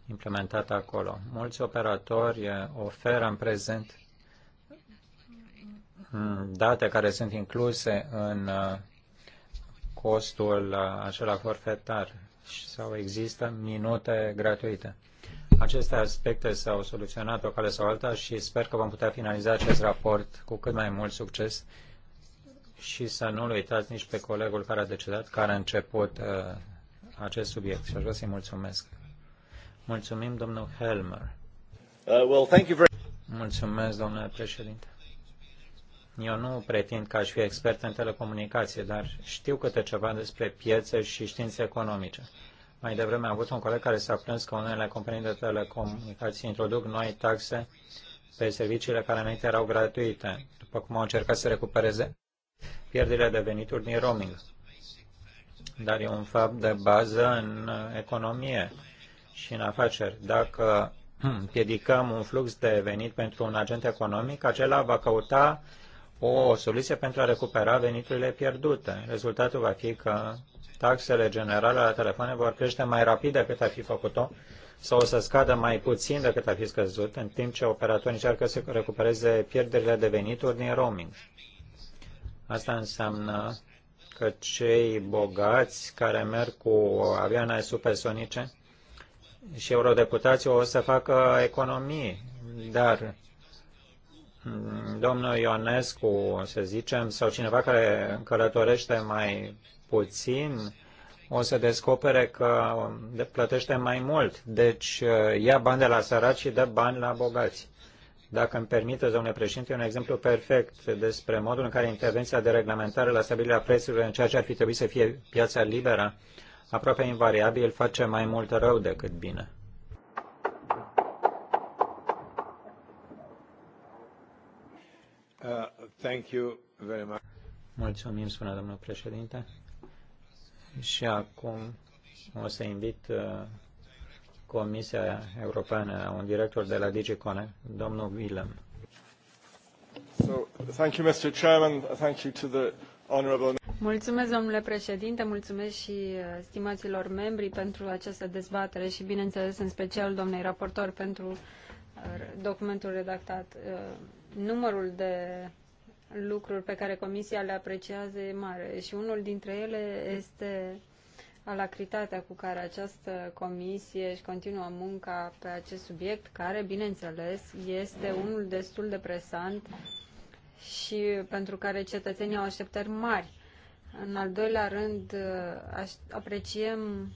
implementat acolo. Mulți operatori oferă în prezent mm, date care sunt incluse în uh, costul uh, acela forfetar sau există minute gratuite. Aceste aspecte s-au soluționat o cale sau alta și sper că vom putea finaliza acest raport cu cât mai mult succes și să nu-l uitați nici pe colegul care a decedat, care a început uh, acest subiect. Și aș vrea să-i mulțumesc. Mulțumim, domnul Helmer. Uh, well, thank you very... Mulțumesc, domnule președinte. Eu nu pretind că aș fi expert în telecomunicație, dar știu câte ceva despre piețe și științe economice. Mai devreme am avut un coleg care s-a plâns că unele companii de telecomunicații introduc noi taxe pe serviciile care înainte erau gratuite, după cum au încercat să recupereze pierderile de venituri din roaming. Dar e un fapt de bază în economie și în afaceri. Dacă împiedicăm un flux de venit pentru un agent economic, acela va căuta o soluție pentru a recupera veniturile pierdute. Rezultatul va fi că taxele generale la telefoane vor crește mai rapid decât a fi făcut-o sau o să scadă mai puțin decât a fi scăzut, în timp ce operatorii încearcă să recupereze pierderile de venituri din roaming. Asta înseamnă că cei bogați care merg cu avioane supersonice și eurodeputații o să facă economii, dar mm, domnul Ionescu, să zicem, sau cineva care călătorește mai puțin, o să descopere că plătește mai mult. Deci uh, ia bani de la săraci și dă bani la bogați. Dacă îmi permite, domnule președinte, un exemplu perfect despre modul în care intervenția de reglementare la stabilirea prețurilor în ceea ce ar fi trebuit să fie piața liberă, aproape invariabil, face mai mult rău decât bine. Uh, thank you very much. Mulțumim, spune domnul președinte. Și acum o să invit uh, Comisia Europeană, un director de la DigiCone, domnul Willem. So, thank you, Mr. Chairman. Thank you to the honorable... Mulțumesc, domnule președinte, mulțumesc și uh, stimaților membri pentru această dezbatere și, bineînțeles, în special domnei raportor pentru uh, documentul redactat. Numărul de lucruri pe care Comisia le apreciază e mare și unul dintre ele este alacritatea cu care această comisie își continuă munca pe acest subiect, care, bineînțeles, este unul destul de presant și pentru care cetățenii au așteptări mari. În al doilea rând, apreciem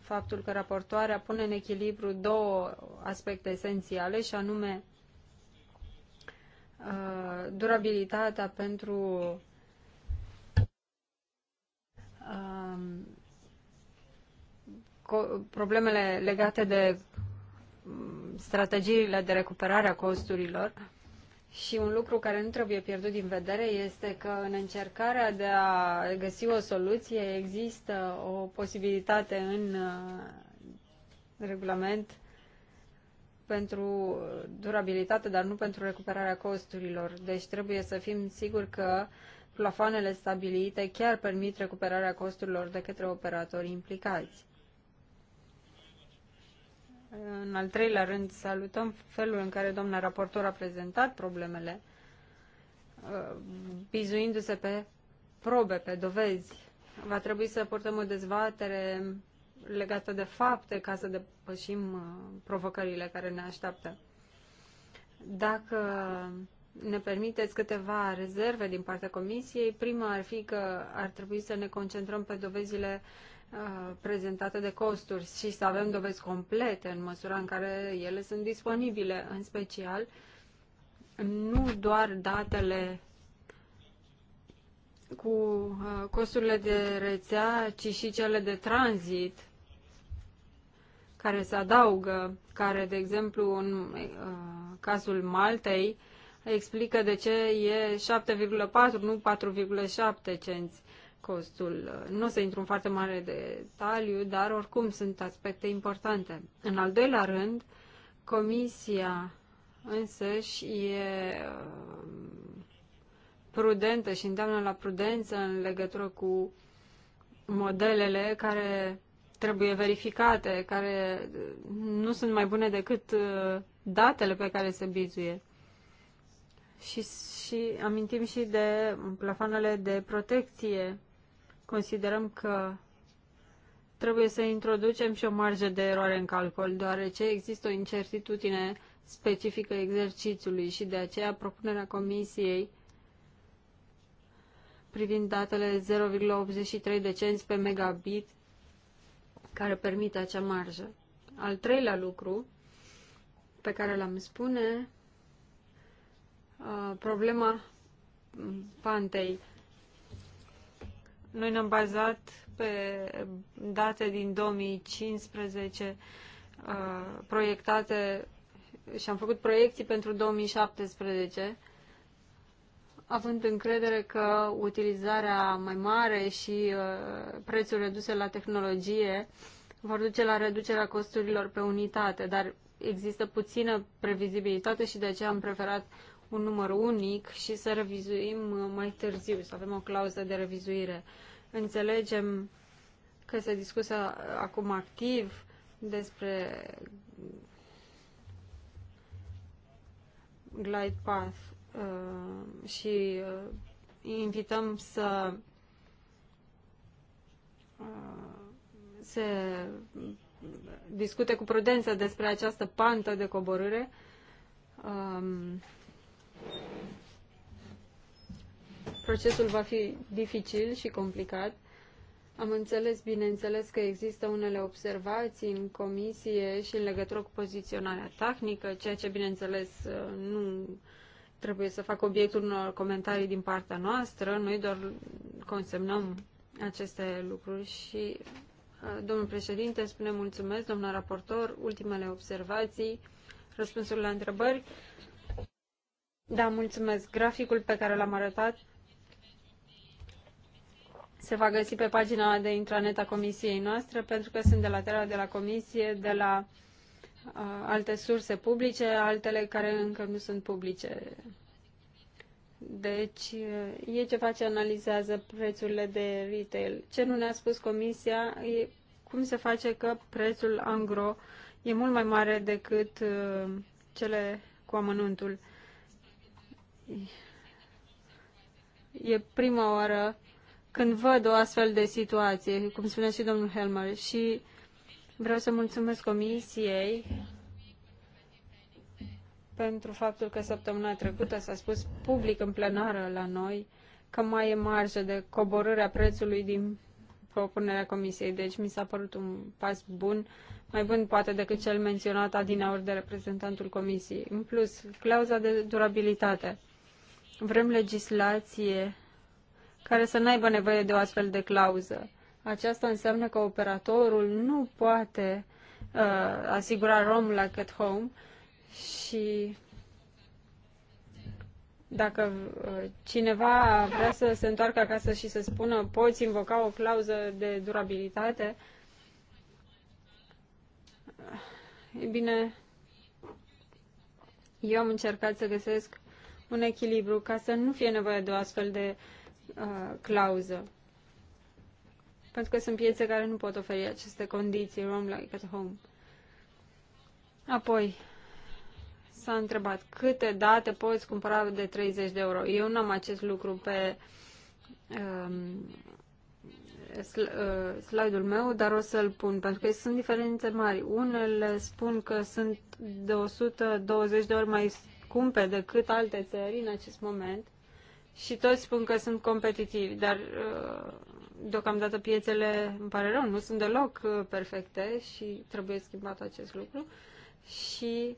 faptul că raportoarea pune în echilibru două aspecte esențiale, și anume Uh, durabilitatea pentru um, problemele legate de um, strategiile de recuperare a costurilor. Și un lucru care nu trebuie pierdut din vedere este că în încercarea de a găsi o soluție există o posibilitate în uh, regulament pentru uh, durabilitate, dar nu pentru recuperarea costurilor. Deci trebuie să fim siguri că plafoanele stabilite chiar permit recuperarea costurilor de către operatorii implicați. În al treilea rând, salutăm felul în care doamna raportor a prezentat problemele, uh, bizuindu-se pe probe, pe dovezi. Va trebui să portăm o dezbatere legată de fapte ca să depășim uh, provocările care ne așteaptă. Dacă ne permiteți câteva rezerve din partea Comisiei, prima ar fi că ar trebui să ne concentrăm pe dovezile uh, prezentate de costuri și să avem dovezi complete în măsura în care ele sunt disponibile, în special nu doar datele cu uh, costurile de rețea, ci și cele de tranzit care se adaugă, care, de exemplu, în uh, cazul Maltei, explică de ce e 7,4, nu 4,7 cenți costul. Nu o să intru în foarte mare detaliu, dar oricum sunt aspecte importante. În al doilea rând, comisia însăși e uh, prudentă și îndeamnă la prudență în legătură cu modelele care trebuie verificate, care nu sunt mai bune decât uh, datele pe care se bizuie. Și, și amintim și de plafoanele de protecție. Considerăm că trebuie să introducem și o marjă de eroare în calcul, deoarece există o incertitudine specifică exercițiului și de aceea propunerea Comisiei privind datele 0,83 de cenți pe megabit care permite acea marjă. Al treilea lucru pe care l-am spune, uh, problema pantei. Noi ne-am bazat pe date din 2015 uh, proiectate și am făcut proiecții pentru 2017 având încredere că utilizarea mai mare și uh, prețul reduse la tehnologie vor duce la reducerea costurilor pe unitate, dar există puțină previzibilitate și de aceea am preferat un număr unic și să revizuim uh, mai târziu, să avem o clauză de revizuire. Înțelegem că se discută uh, acum activ despre glide path și uh, invităm să uh, se discute cu prudență despre această pantă de coborâre. Um, procesul va fi dificil și complicat. Am înțeles, bineînțeles, că există unele observații în comisie și în legătură cu poziționarea tehnică, ceea ce, bineînțeles, uh, nu trebuie să fac obiectul unor comentarii din partea noastră. Noi doar consemnăm aceste lucruri și uh, Domnul președinte, spune mulțumesc, domnul raportor, ultimele observații, răspunsuri la întrebări. Da, mulțumesc. Graficul pe care l-am arătat se va găsi pe pagina de intranet a comisiei noastre, pentru că sunt de la Terra, de la comisie, de la alte surse publice, altele care încă nu sunt publice. Deci, e ceva ce analizează prețurile de retail. Ce nu ne-a spus comisia e cum se face că prețul angro e mult mai mare decât cele cu amănuntul. E prima oară când văd o astfel de situație, cum spunea și domnul Helmer, și uh, Vreau să mulțumesc Comisiei pentru faptul că săptămâna trecută s-a spus public în plenară la noi că mai e marjă de coborâre a prețului din propunerea Comisiei. Deci mi s-a părut un pas bun, mai bun poate decât cel menționat adineauri de reprezentantul Comisiei. În plus, clauza de durabilitate. Vrem legislație care să n-aibă nevoie de o astfel de clauză. Aceasta înseamnă că operatorul nu poate uh, asigura romul like at home și dacă uh, cineva vrea să se întoarcă acasă și să spună poți invoca o clauză de durabilitate, e bine, eu am încercat să găsesc un echilibru ca să nu fie nevoie de o astfel de uh, clauză pentru că sunt piețe care nu pot oferi aceste condiții, roam like at home. Apoi, s-a întrebat câte date poți cumpăra de 30 de euro. Eu nu am acest lucru pe um, uh, slide-ul meu, dar o să-l pun, pentru că sunt diferențe mari. Unele spun că sunt de 120 de ori mai scumpe decât alte țări în acest moment și toți spun că sunt competitivi, dar uh, deocamdată piețele, îmi pare rău, nu sunt deloc uh, perfecte și trebuie schimbat acest lucru și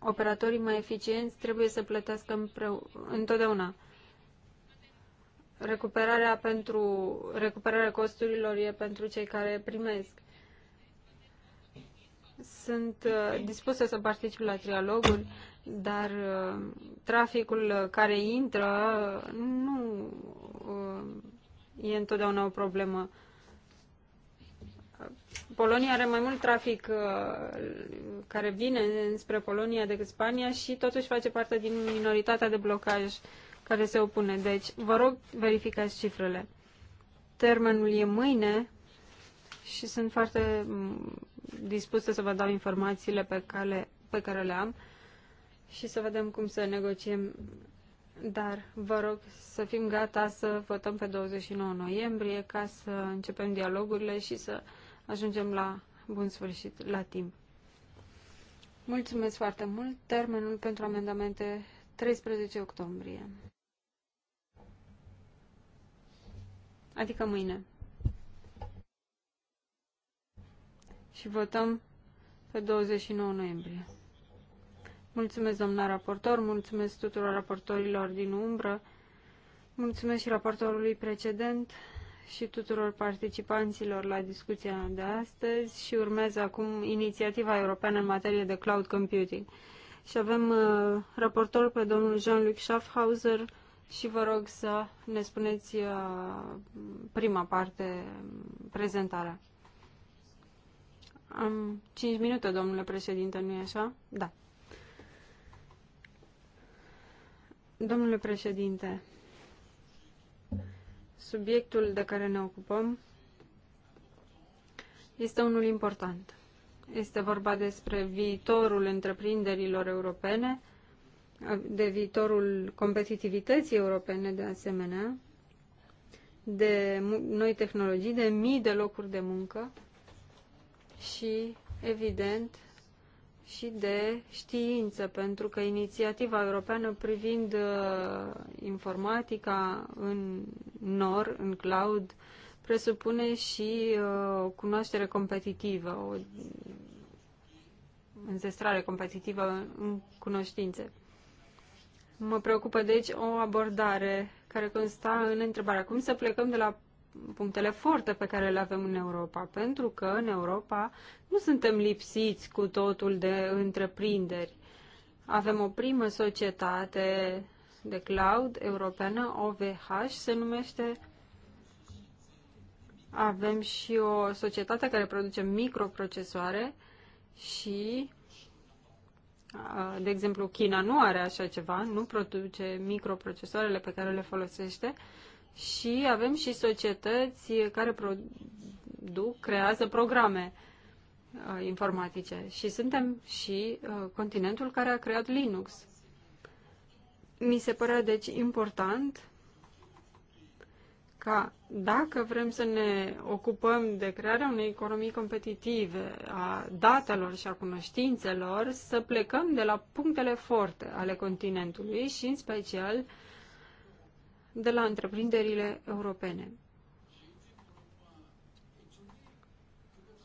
operatorii mai eficienți trebuie să plătească împreu- întotdeauna. Recuperarea, pentru, recuperarea costurilor e pentru cei care primesc. Sunt uh, dispusă să particip la trialoguri, dar uh, traficul care intră nu uh, e întotdeauna o problemă. Polonia are mai mult trafic uh, care vine spre Polonia decât Spania și totuși face parte din minoritatea de blocaj care se opune. Deci, vă rog, verificați cifrele. Termenul e mâine și sunt foarte mm, dispusă să vă dau informațiile pe cale, pe care le am și să vedem cum să negociem dar vă rog să fim gata să votăm pe 29 noiembrie ca să începem dialogurile și să ajungem la bun sfârșit, la timp. Mulțumesc foarte mult. Termenul pentru amendamente 13 octombrie. Adică mâine. Și votăm pe 29 noiembrie. Mulțumesc, doamna raportor, mulțumesc tuturor raportorilor din umbră, mulțumesc și raportorului precedent și tuturor participanților la discuția de astăzi și urmează acum inițiativa europeană în materie de cloud computing. Și avem uh, raportor pe domnul Jean-Luc Schaffhauser și vă rog să ne spuneți uh, prima parte, prezentarea. Am 5 minute, domnule președinte, nu-i așa? Da. Domnule președinte, subiectul de care ne ocupăm este unul important. Este vorba despre viitorul întreprinderilor europene, de viitorul competitivității europene de asemenea, de noi tehnologii, de mii de locuri de muncă și, evident, și de știință, pentru că inițiativa europeană privind uh, informatica în NOR, în cloud, presupune și uh, o cunoaștere competitivă, o înzestrare competitivă în cunoștințe. Mă preocupă, deci, o abordare care consta în întrebarea cum să plecăm de la punctele forte pe care le avem în Europa, pentru că în Europa nu suntem lipsiți cu totul de întreprinderi. Avem o primă societate de cloud europeană, OVH, se numește. Avem și o societate care produce microprocesoare și, de exemplu, China nu are așa ceva, nu produce microprocesoarele pe care le folosește, și avem și societăți care produc, creează programe uh, informatice și suntem și uh, continentul care a creat Linux. Mi se părea deci important ca dacă vrem să ne ocupăm de crearea unei economii competitive, a datelor și a cunoștințelor, să plecăm de la punctele forte ale continentului și în special uh, de la întreprinderile europene.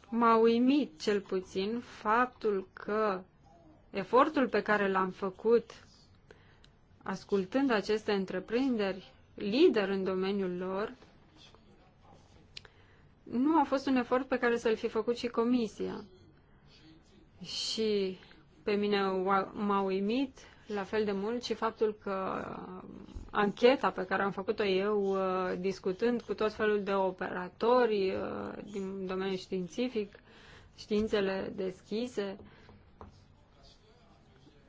M-a uimit cel puțin faptul că efortul pe care l-am făcut ascultând aceste întreprinderi, lider în domeniul lor, nu a fost un efort pe care să-l fi făcut și comisia. Și pe mine m-a uimit la fel de mult și faptul că ancheta pe care am făcut-o eu uh, discutând cu tot felul de operatori uh, din domeniul științific, științele deschise.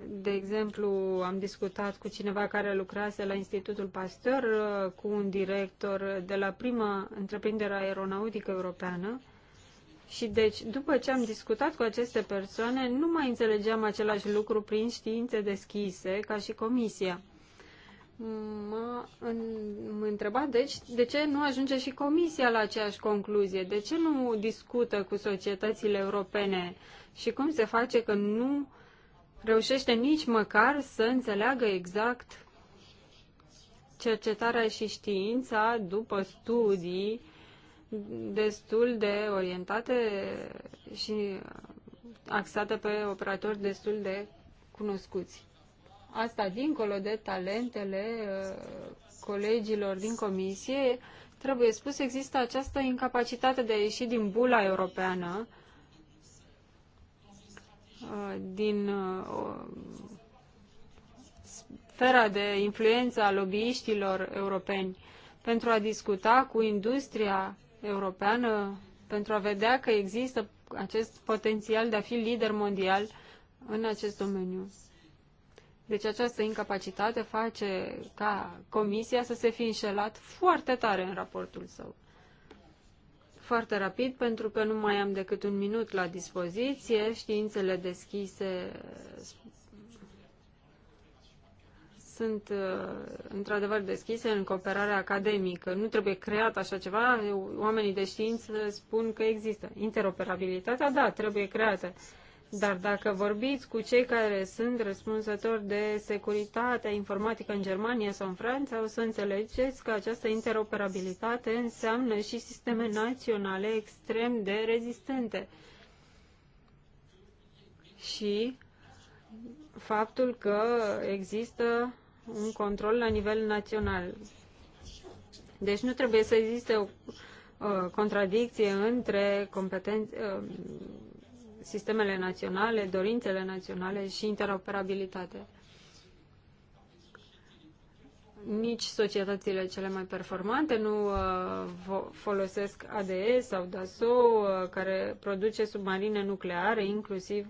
De exemplu, am discutat cu cineva care lucrase la Institutul Pasteur, uh, cu un director de la prima întreprindere aeronautică europeană. Și deci, după ce am discutat cu aceste persoane, nu mai înțelegeam același lucru prin științe deschise, ca și comisia. M-am întrebat, deci, de ce nu ajunge și Comisia la aceeași concluzie? De ce nu discută cu societățile europene? Și cum se face că nu reușește nici măcar să înțeleagă exact cercetarea și știința după studii destul de orientate și axate pe operatori destul de cunoscuți. Asta dincolo de talentele uh, colegilor din comisie, trebuie spus, există această incapacitate de a ieși din bula europeană, uh, din uh, sfera de influență a lobbyiștilor europeni pentru a discuta cu industria europeană, pentru a vedea că există acest potențial de a fi lider mondial în acest domeniu. Deci această incapacitate face ca comisia să se fi înșelat foarte tare în raportul său. Foarte rapid, pentru că nu mai am decât un minut la dispoziție, științele deschise sunt uh, într-adevăr deschise în cooperarea academică. Nu trebuie creat așa ceva. Oamenii de știință spun că există. Interoperabilitatea, da, trebuie creată. Dar dacă vorbiți cu cei care sunt răspunzători de securitatea informatică în Germania sau în Franța, o să înțelegeți că această interoperabilitate înseamnă și sisteme naționale extrem de rezistente. Și faptul că există un control la nivel național. Deci nu trebuie să existe o uh, contradicție între competențe, uh, sistemele naționale, dorințele naționale și interoperabilitatea. Nici societățile cele mai performante nu uh, folosesc ADE sau DASO, uh, care produce submarine nucleare, inclusiv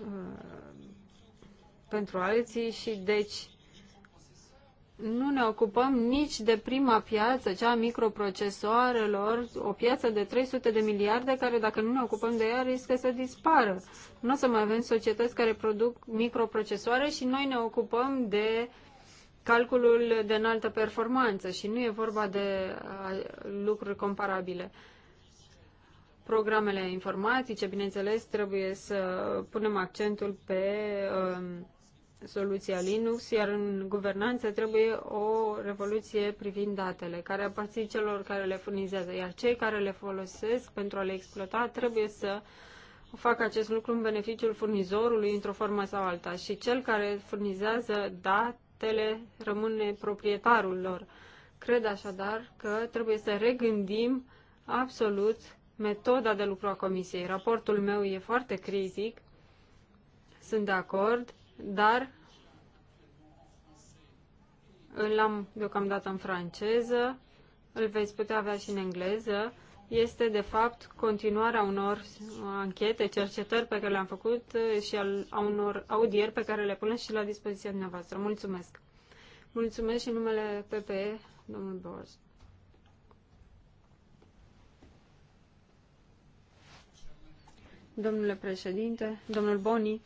uh, pentru alții și deci nu ne ocupăm nici de prima piață, cea a microprocesoarelor, o piață de 300 de miliarde, care dacă nu ne ocupăm de ea, riscă să dispară. Nu o să mai avem societăți care produc microprocesoare și noi ne ocupăm de calculul de înaltă performanță și nu e vorba de lucruri comparabile. Programele informatice, bineînțeles, trebuie să punem accentul pe uh, soluția Linux, iar în guvernanță trebuie o revoluție privind datele, care aparțin celor care le furnizează, iar cei care le folosesc pentru a le exploata trebuie să facă acest lucru în beneficiul furnizorului într-o formă sau alta și cel care furnizează datele rămâne proprietarul lor. Cred așadar că trebuie să regândim absolut metoda de lucru a Comisiei. Raportul meu e foarte critic, sunt de acord, dar îl am deocamdată în franceză, îl veți putea avea și în engleză. Este, de fapt, continuarea unor uh, anchete, cercetări pe care le-am făcut uh, și a unor audieri pe care le punem și la dispoziția dumneavoastră. Mulțumesc! Mulțumesc și numele PPE, domnul Borz. Domnule președinte, domnul Boni,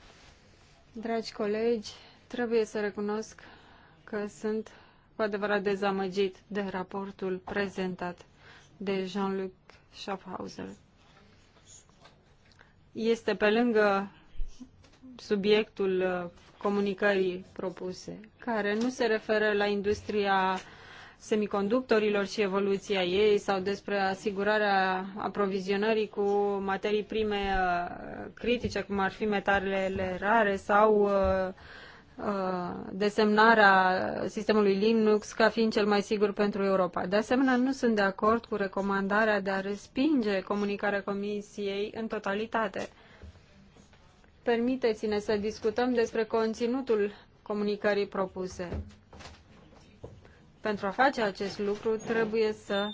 Dragi colegi, trebuie să recunosc că sunt cu adevărat dezamăgit de raportul prezentat de Jean-Luc Schaffhauser. Este pe lângă subiectul uh, comunicării propuse, care nu se referă la industria semiconductorilor și evoluția ei sau despre asigurarea aprovizionării cu materii prime uh, critice, cum ar fi metalele rare sau uh, uh, desemnarea sistemului Linux ca fiind cel mai sigur pentru Europa. De asemenea, nu sunt de acord cu recomandarea de a respinge comunicarea Comisiei în totalitate. Permiteți-ne să discutăm despre conținutul comunicării propuse. Pentru a face acest lucru trebuie să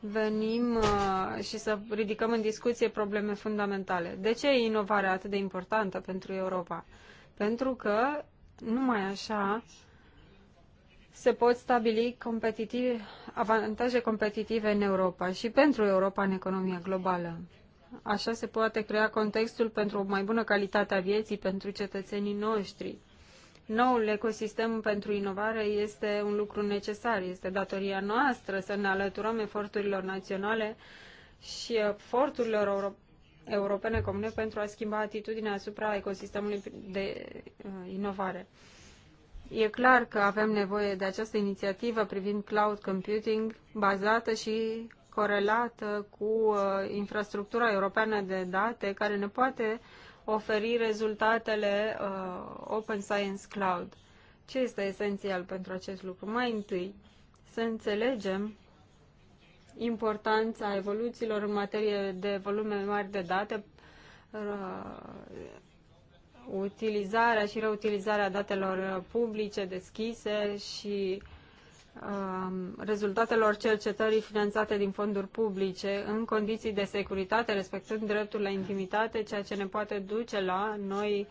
venim uh, și să ridicăm în discuție probleme fundamentale. De ce e inovarea atât de importantă pentru Europa? Pentru că numai așa se pot stabili competitive, avantaje competitive în Europa și pentru Europa în economia globală. Așa se poate crea contextul pentru o mai bună calitate a vieții pentru cetățenii noștri noul ecosistem pentru inovare este un lucru necesar. Este datoria noastră să ne alăturăm eforturilor naționale și eforturilor euro europene comune pentru a schimba atitudinea asupra ecosistemului de uh, inovare. E clar că avem nevoie de această inițiativă privind cloud computing bazată și corelată cu uh, infrastructura europeană de date care ne poate uh, oferi rezultatele uh, Open Science Cloud. Ce este esențial pentru acest lucru? Mai întâi, să înțelegem importanța evoluțiilor în materie de volume mari de date, uh, utilizarea și reutilizarea datelor publice deschise și uh, Um, rezultatelor cercetării finanțate din fonduri publice în condiții de securitate, respectând dreptul la intimitate, ceea ce ne poate duce la noi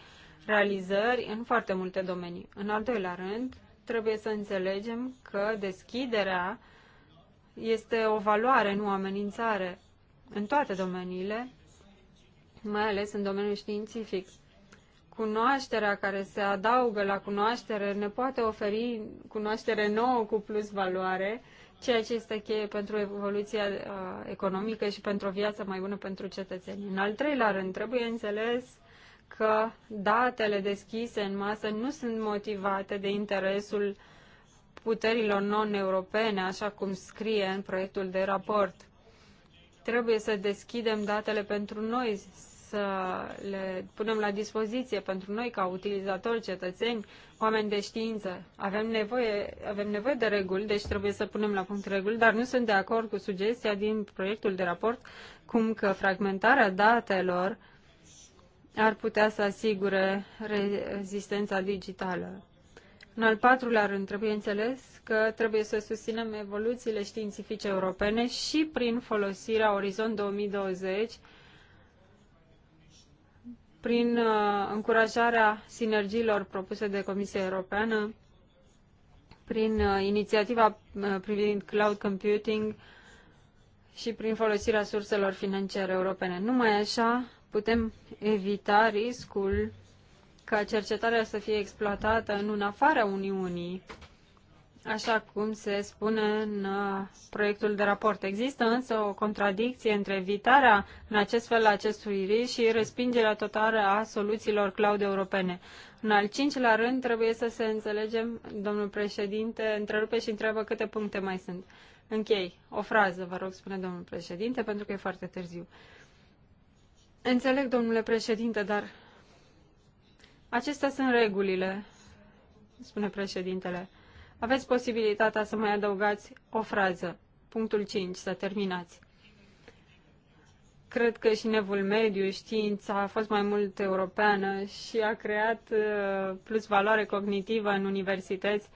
realizări în foarte multe domenii. În al doilea rând, trebuie să înțelegem că deschiderea este o valoare, nu o amenințare, în toate domeniile, mai ales în domeniul științific cunoașterea care se adaugă la cunoaștere ne poate oferi cunoaștere nouă cu plus valoare, ceea ce este cheie pentru evoluția uh, economică și pentru o viață mai bună pentru cetățenii. În al treilea rând, trebuie înțeles că datele deschise în masă nu sunt motivate de interesul puterilor non-europene, așa cum scrie în proiectul de raport. Trebuie să deschidem datele pentru noi, să le punem la dispoziție pentru noi ca utilizatori, cetățeni, oameni de știință. Avem nevoie, avem nevoie de reguli, deci trebuie să punem la punct reguli, dar nu sunt de acord cu sugestia din proiectul de raport cum că fragmentarea datelor ar putea să asigure rezistența digitală. În al patrulea rând, trebuie înțeles că trebuie să susținem evoluțiile științifice europene și prin folosirea Orizont 2020 prin uh, încurajarea sinergiilor propuse de Comisia Europeană, prin uh, inițiativa uh, privind cloud computing și prin folosirea surselor financiare europene. Numai așa putem evita riscul ca cercetarea să fie exploatată în afara Uniunii așa cum se spune în uh, proiectul de raport. Există însă o contradicție între evitarea în acest fel a acestui risc și respingerea totală a soluțiilor cloud europene. În al cincilea rând, trebuie să se înțelegem, domnul președinte, întrerupe și întreabă câte puncte mai sunt. Închei. O frază, vă rog, spune domnul președinte, pentru că e foarte târziu. Înțeleg, domnule președinte, dar acestea sunt regulile, spune președintele. Aveți posibilitatea să mai adăugați o frază. Punctul 5, să terminați. Cred că și nevul mediu, știința, a fost mai mult europeană și a creat uh, plus valoare cognitivă în universități,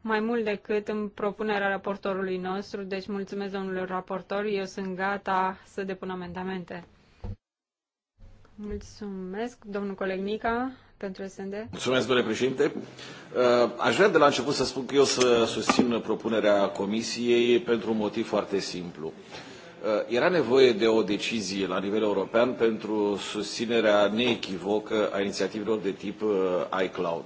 mai mult decât în propunerea raportorului nostru. Deci mulțumesc domnului raportor, eu sunt gata să depun amendamente. Mulțumesc, domnul coleg Nica pentru SND. Mulțumesc, domnule președinte. Uh, aș vrea de la început să spun că eu să susțin propunerea Comisiei pentru un motiv foarte simplu. Uh, era nevoie de o decizie la nivel european pentru susținerea neechivocă a inițiativelor de tip uh, iCloud.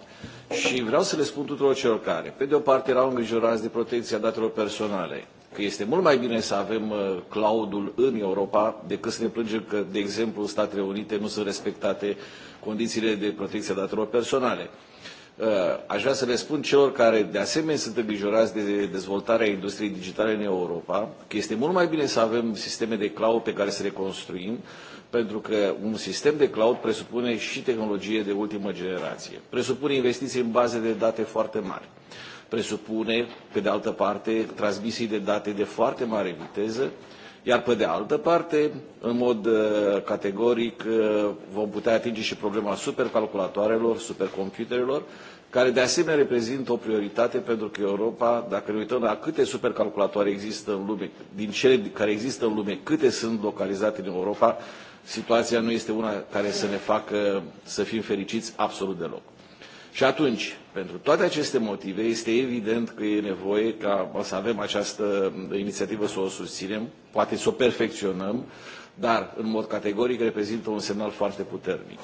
Și vreau să le spun tuturor celor care, pe de o parte, erau îngrijorați de protecția datelor personale, că este mult mai bine să avem cloudul în Europa decât să ne plângem că, de exemplu, Statele Unite nu sunt respectate condițiile de protecție a datelor personale. Uh, aș vrea să le spun celor care de asemenea sunt îngrijorați de dezvoltarea industriei digitale în Europa că este mult mai bine să avem sisteme de cloud pe care să le construim, pentru că un sistem de cloud presupune și tehnologie de ultimă generație. Presupune investiții în baze de date foarte mari. Presupune, pe de altă parte, transmisii de date de foarte mare viteză, iar pe de altă parte, în mod uh, categoric, uh, vom putea atinge și problema supercalculatoarelor, supercomputerelor, care de asemenea reprezintă o prioritate pentru că Europa, dacă ne uităm la câte supercalculatoare există în lume, din cele care există în lume, câte sunt localizate în Europa, situația nu este una care să ne facă să fim fericiți absolut deloc. Și atunci, pentru toate aceste motive, este evident că e nevoie ca o să avem această inițiativă să o susținem, poate să o perfecționăm, dar în mod categoric reprezintă un semnal foarte puternic.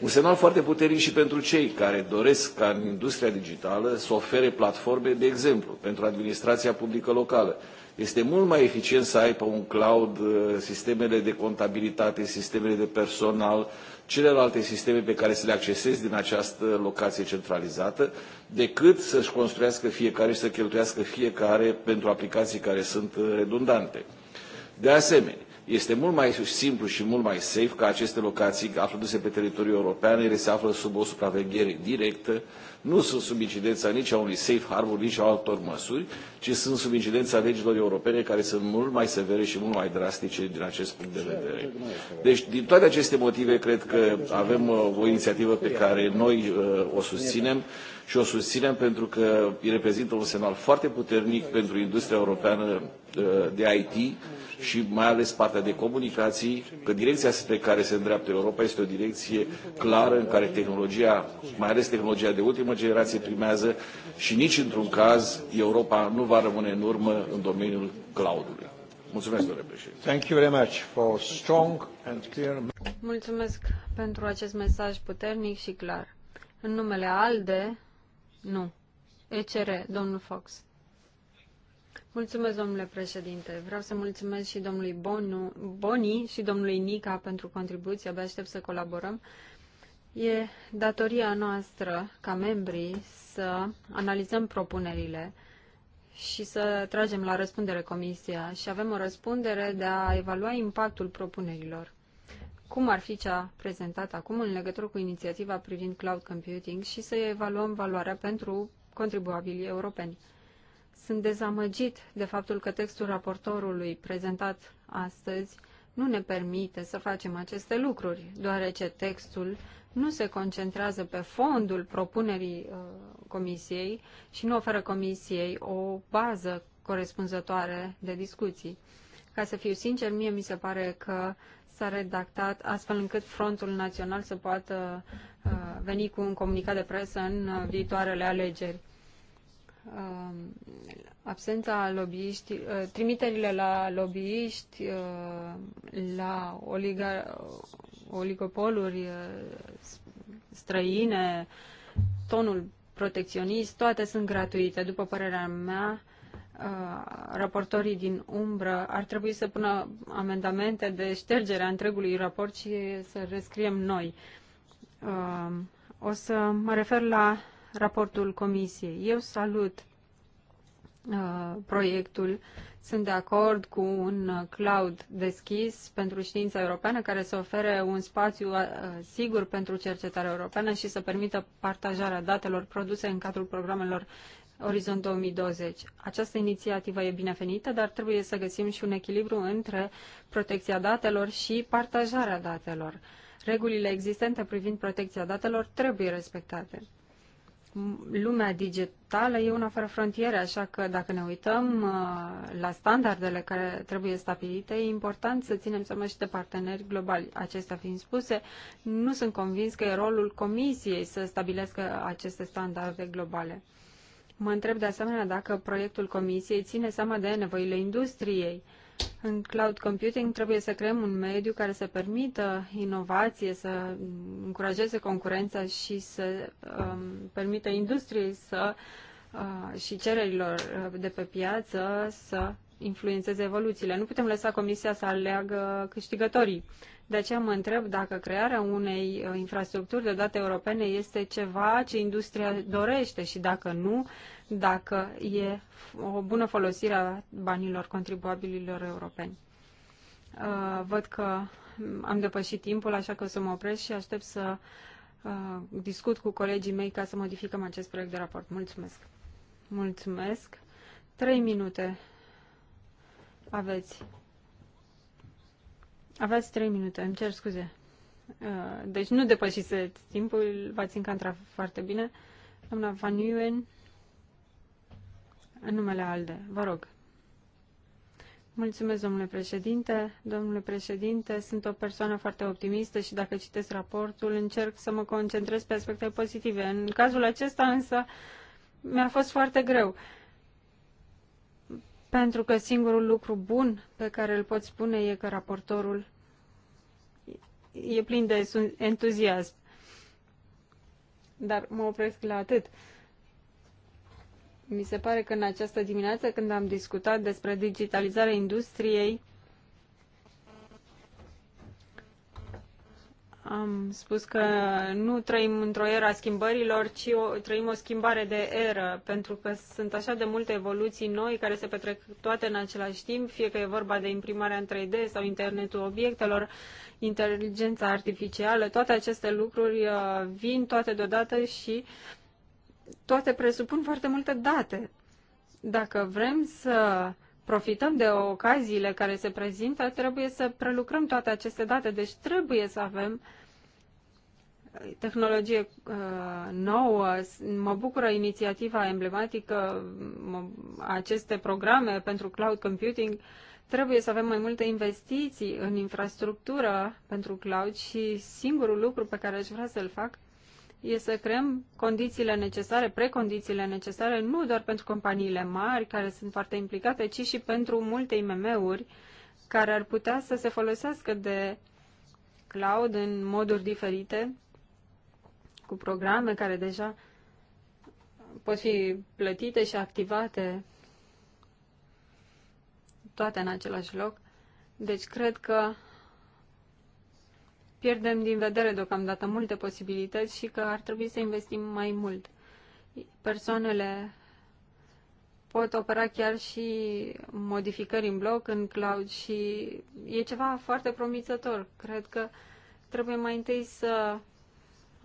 Un semnal foarte puternic și pentru cei care doresc ca în industria digitală să ofere platforme, de exemplu, pentru administrația publică locală. Este mult mai eficient să ai pe un cloud uh, sistemele de contabilitate, sistemele de personal, celelalte sisteme pe care să le accesezi din această locație centralizată, decât să-și construiască fiecare și să cheltuiască fiecare pentru aplicații care sunt uh, redundante. De asemenea, este mult mai simplu și mult mai safe ca aceste locații aflându-se pe teritoriul european, ele se află sub o supraveghere directă nu sunt sub incidența nici a unui safe harbor, nici a altor măsuri, ci sunt sub incidența legilor europene care sunt mult mai severe și mult mai drastice din acest punct de vedere. Deci, din toate aceste motive, cred că avem uh, o inițiativă pe care noi uh, o susținem și o susținem pentru că reprezintă un semnal foarte puternic pentru industria europeană ă, de IT și mai ales partea de comunicații, că direcția spre care se îndreaptă Europa este o direcție clară în care tehnologia, mai ales tehnologia de ultimă generație, primează și nici într-un caz Europa nu va rămâne în urmă în domeniul cloud-ului. Mulțumesc, domnule președinte. Thank you very much for strong and clear... Mulțumesc pentru acest mesaj puternic și clar. În numele ALDE, nu. ECR, domnul Fox. Mulțumesc, domnule președinte. Vreau să mulțumesc și domnului Bonu, Boni și domnului Nica pentru contribuție. Abia aștept să colaborăm. E datoria noastră, ca membri, să analizăm propunerile și să tragem la răspundere Comisia și avem o răspundere de a evalua impactul propunerilor cum ar fi cea prezentată acum în legătură cu inițiativa privind cloud computing și să evaluăm valoarea pentru contribuabilii europeni. Sunt dezamăgit de faptul că textul raportorului prezentat astăzi nu ne permite să facem aceste lucruri, deoarece textul nu se concentrează pe fondul propunerii uh, comisiei și nu oferă comisiei o bază corespunzătoare de discuții. Ca să fiu sincer, mie mi se pare că uh, s-a redactat astfel încât Frontul Național să poată uh, veni cu un comunicat de presă în uh, viitoarele alegeri. Uh, absența lobbyiști, uh, trimiterile la lobbyiști, uh, la oliga, oligopoluri uh, străine, tonul protecționist, toate sunt gratuite. După părerea mea, raportorii din umbră ar trebui să pună amendamente de ștergere a întregului raport și să rescriem noi. O să mă refer la raportul comisiei. Eu salut proiectul. Sunt de acord cu un cloud deschis pentru știința europeană care să ofere un spațiu sigur pentru cercetarea europeană și să permită partajarea datelor produse în cadrul programelor Orizont 2020. Această inițiativă e binevenită, dar trebuie să găsim și un echilibru între protecția datelor și partajarea datelor. Regulile existente privind protecția datelor trebuie respectate. Lumea digitală e una fără frontiere, așa că dacă ne uităm uh, la standardele care trebuie stabilite, e important să ținem seama și de parteneri globali. Acestea fiind spuse, nu sunt convins că e rolul Comisiei să stabilească aceste standarde globale. Mă întreb de asemenea dacă proiectul Comisiei ține seama de nevoile industriei. În cloud computing trebuie să creăm un mediu care să permită inovație, să încurajeze concurența și să um, permită industriei să, uh, și cererilor uh, de pe piață să influențeze evoluțiile. Nu putem lăsa Comisia să aleagă câștigătorii. De aceea mă întreb dacă crearea unei uh, infrastructuri de date europene este ceva ce industria dorește și dacă nu, dacă e o bună folosire a banilor contribuabililor europeni. Uh, văd că mm, am depășit timpul, așa că o să mă opresc și aștept să uh, discut cu colegii mei ca să modificăm acest proiect de raport. Mulțumesc! Mulțumesc! Trei minute aveți aveți trei minute, îmi cer scuze. Uh, deci nu depășiți timpul, v-ați încantrat foarte bine. Doamna Van Uen, în numele ALDE, vă rog. Mulțumesc, domnule președinte. Domnule președinte, sunt o persoană foarte optimistă și dacă citesc raportul, încerc să mă concentrez pe aspecte pozitive. În cazul acesta, însă, mi-a fost foarte greu. Uh, pentru că singurul lucru bun pe care îl pot spune e că raportorul e plin de entuziasm. Dar mă opresc la atât. Mi se pare că în această dimineață, când am discutat despre digitalizarea industriei, Am spus că nu trăim într-o era a schimbărilor, ci o, trăim o schimbare de eră, pentru că sunt așa de multe evoluții noi care se petrec toate în același timp, fie că e vorba de imprimarea în 3D sau internetul obiectelor, inteligența artificială, toate aceste lucruri uh, vin toate deodată și toate presupun foarte multe date. Dacă vrem să profităm de ocaziile care se prezintă, trebuie să prelucrăm toate aceste date. Deci trebuie să avem tehnologie uh, nouă. Mă bucură inițiativa emblematică, aceste programe pentru cloud computing. Trebuie să avem mai multe investiții în infrastructură pentru cloud și singurul lucru pe care aș vrea să-l fac e să creăm condițiile necesare, precondițiile necesare, nu doar pentru companiile mari care sunt foarte implicate, ci și pentru multe IMM-uri care ar putea să se folosească de cloud în moduri diferite cu programe care deja pot fi plătite și activate toate în același loc. Deci cred că pierdem din vedere deocamdată multe posibilități și că ar trebui să investim mai mult. Persoanele pot opera chiar și modificări în bloc, în cloud și e ceva foarte promițător. Cred că trebuie mai întâi să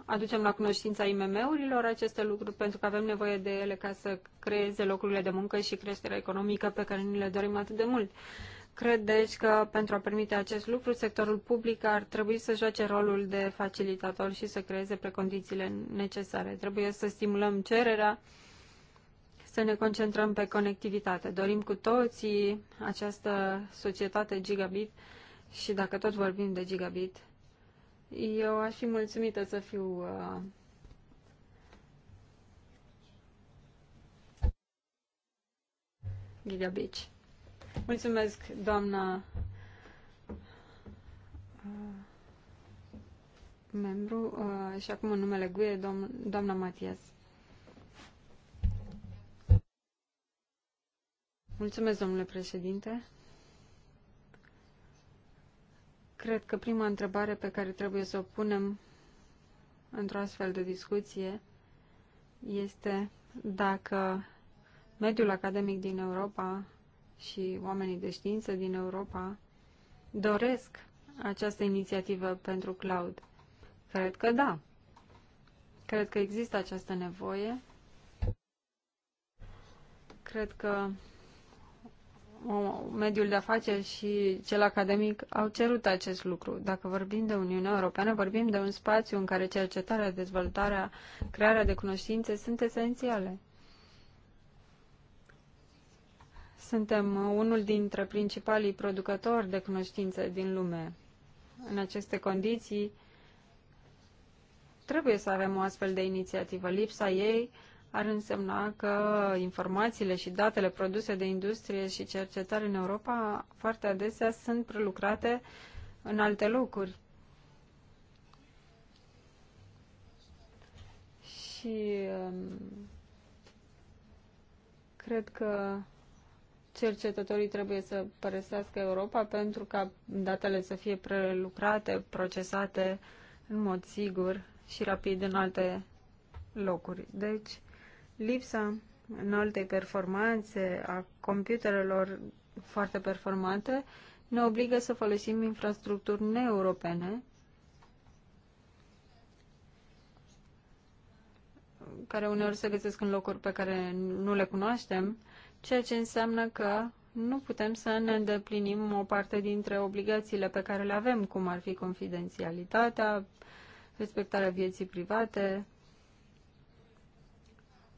aducem la cunoștința IMM-urilor aceste lucruri, pentru că avem nevoie de ele ca să creeze locurile de muncă și creșterea economică pe care ni le dorim atât de mult. Credeți deci, că pentru a permite acest lucru, sectorul public ar trebui să joace rolul de facilitator și să creeze precondițiile necesare? Trebuie să stimulăm cererea, să ne concentrăm pe conectivitate. Dorim cu toții această societate gigabit și dacă tot vorbim de gigabit, eu aș fi mulțumită să fiu uh, Beach. Mulțumesc, doamna uh, membru uh, și acum în numele guie dom doamna Matias. Mulțumesc, domnule președinte. Cred că prima întrebare pe care trebuie să o punem într-o astfel de discuție este dacă mediul academic din Europa și oamenii de știință din Europa doresc această inițiativă pentru cloud. Cred că da. Cred că există această nevoie. Cred că mediul de afaceri și cel academic au cerut acest lucru. Dacă vorbim de Uniunea Europeană, vorbim de un spațiu în care cercetarea, dezvoltarea, crearea de cunoștințe sunt esențiale. Suntem unul dintre principalii producători de cunoștințe din lume. În aceste condiții, trebuie să avem o astfel de inițiativă. Lipsa ei ar însemna că informațiile și datele produse de industrie și cercetare în Europa foarte adesea sunt prelucrate în alte locuri. Și um, cred că cercetătorii trebuie să părăsească Europa pentru ca datele să fie prelucrate, procesate în mod sigur și rapid în alte locuri. Deci, lipsa înaltei performanțe a computerelor foarte performante ne obligă să folosim infrastructuri neeuropene care uneori se găsesc în locuri pe care nu le cunoaștem, ceea ce înseamnă că nu putem să ne îndeplinim o parte dintre obligațiile pe care le avem, cum ar fi confidențialitatea, respectarea vieții private,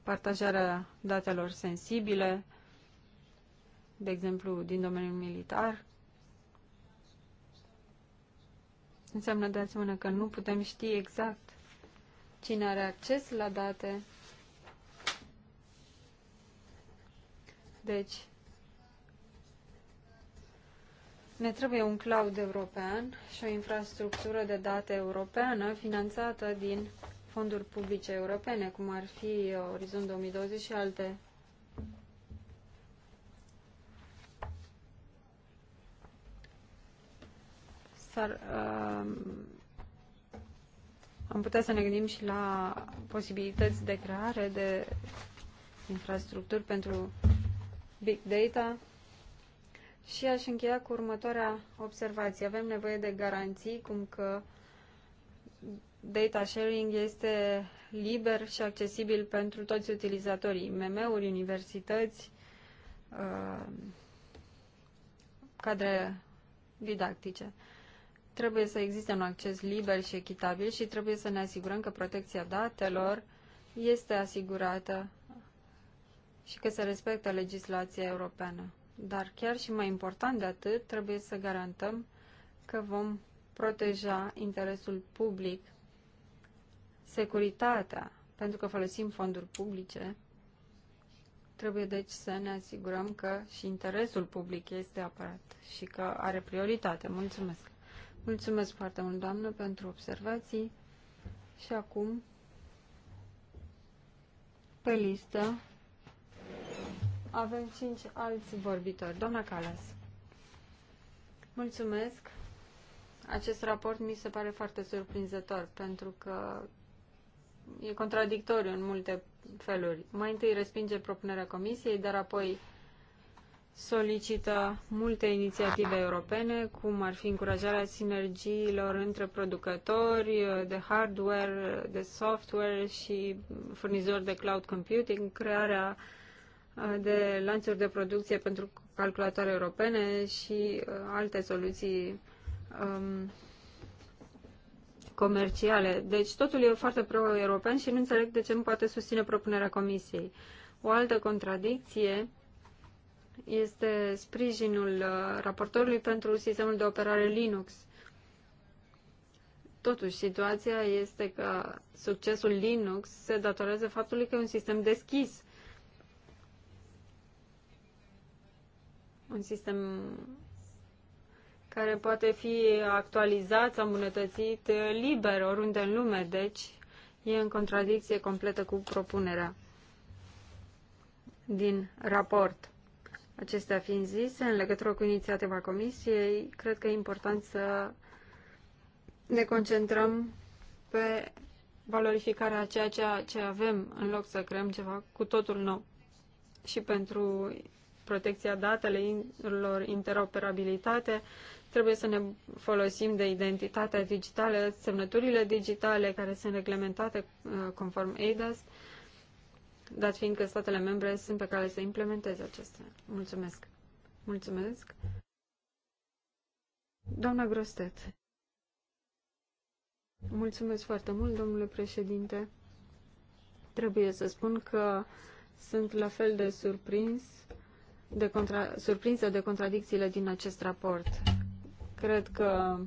partajarea datelor sensibile, de exemplu, din domeniul militar. Înseamnă de asemenea că nu putem ști exact cine are acces la date. Deci, ne trebuie un cloud european și o infrastructură de date europeană finanțată din fonduri publice europene, cum ar fi uh, Orizont 2020 și alte. S-ar, uh, am putea să ne gândim și la posibilități de creare de infrastructuri pentru big data. Și aș încheia cu următoarea observație. Avem nevoie de garanții cum că data sharing este liber și accesibil pentru toți utilizatorii, imm uri universități, uh, cadre didactice. Trebuie să existe un acces liber și echitabil și trebuie să ne asigurăm că protecția datelor este asigurată și că se respectă legislația europeană. Dar chiar și mai important de atât, trebuie să garantăm că vom proteja interesul public securitatea, pentru că folosim fonduri publice, trebuie deci să ne asigurăm că și interesul public este apărat și că are prioritate. Mulțumesc! Mulțumesc foarte mult, doamnă, pentru observații și acum pe listă avem cinci alți vorbitori. Doamna Calas, mulțumesc! Acest raport mi se pare foarte surprinzător pentru că e contradictoriu în multe feluri. Mai întâi respinge propunerea Comisiei, dar apoi solicită multe inițiative europene, cum ar fi încurajarea sinergiilor între producători de hardware, de software și furnizori de cloud computing, crearea uh, de lanțuri de producție pentru calculatoare europene și uh, alte soluții um, comerciale. Deci totul e foarte pro-european și nu înțeleg de ce nu poate susține propunerea Comisiei. O altă contradicție este sprijinul uh, raportorului pentru sistemul de operare Linux. Totuși, situația este că succesul Linux se datorează faptului că e un sistem deschis. Un sistem care poate fi actualizat sau îmbunătățit uh, liber oriunde în lume, deci e în contradicție completă cu propunerea din raport. Acestea fiind zise, în legătură cu inițiativa Comisiei, cred că e important să ne concentrăm pe valorificarea ceea ce, ce avem, în loc să creăm ceva cu totul nou. Și pentru protecția datelor, interoperabilitate, Trebuie să ne folosim de identitatea digitală, semnăturile digitale care sunt reglementate uh, conform EIDAS, dat fiind că statele membre sunt pe care să implementeze acestea. Mulțumesc! Mulțumesc! Doamna Grostet. Mulțumesc foarte mult, domnule președinte. Trebuie să spun că sunt la fel de surprins de contra, surprinsă de contradicțiile din acest raport. Cred că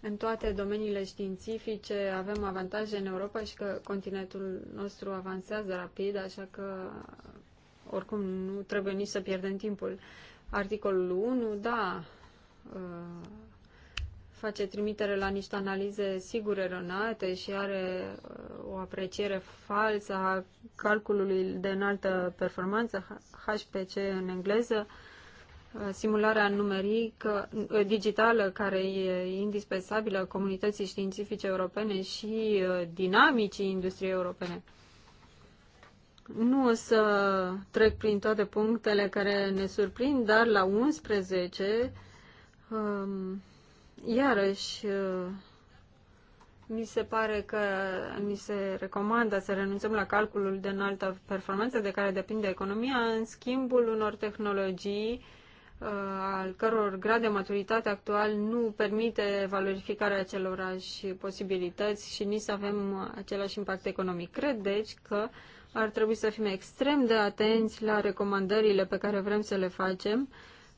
în toate domeniile științifice avem avantaje în Europa și că continentul nostru avansează rapid, așa că oricum nu trebuie nici să pierdem timpul. Articolul 1, da, uh, face trimitere la niște analize sigur eronate și are uh, o apreciere falsă a calculului de înaltă performanță, HPC în engleză, simularea numerică, uh, digitală, care e indispensabilă comunității științifice europene și uh, dinamicii industriei europene. Nu o să trec prin toate punctele care ne surprind, dar la 11, um, iarăși, uh, mi se pare că mi se recomandă să renunțăm la calculul de înaltă performanță de care depinde economia în schimbul unor tehnologii uh, Uh, al căror grad de maturitate actual nu permite valorificarea acelorași posibilități și nici să avem același impact economic. Cred, deci, că ar trebui să fim extrem de atenți la recomandările pe care vrem să le facem,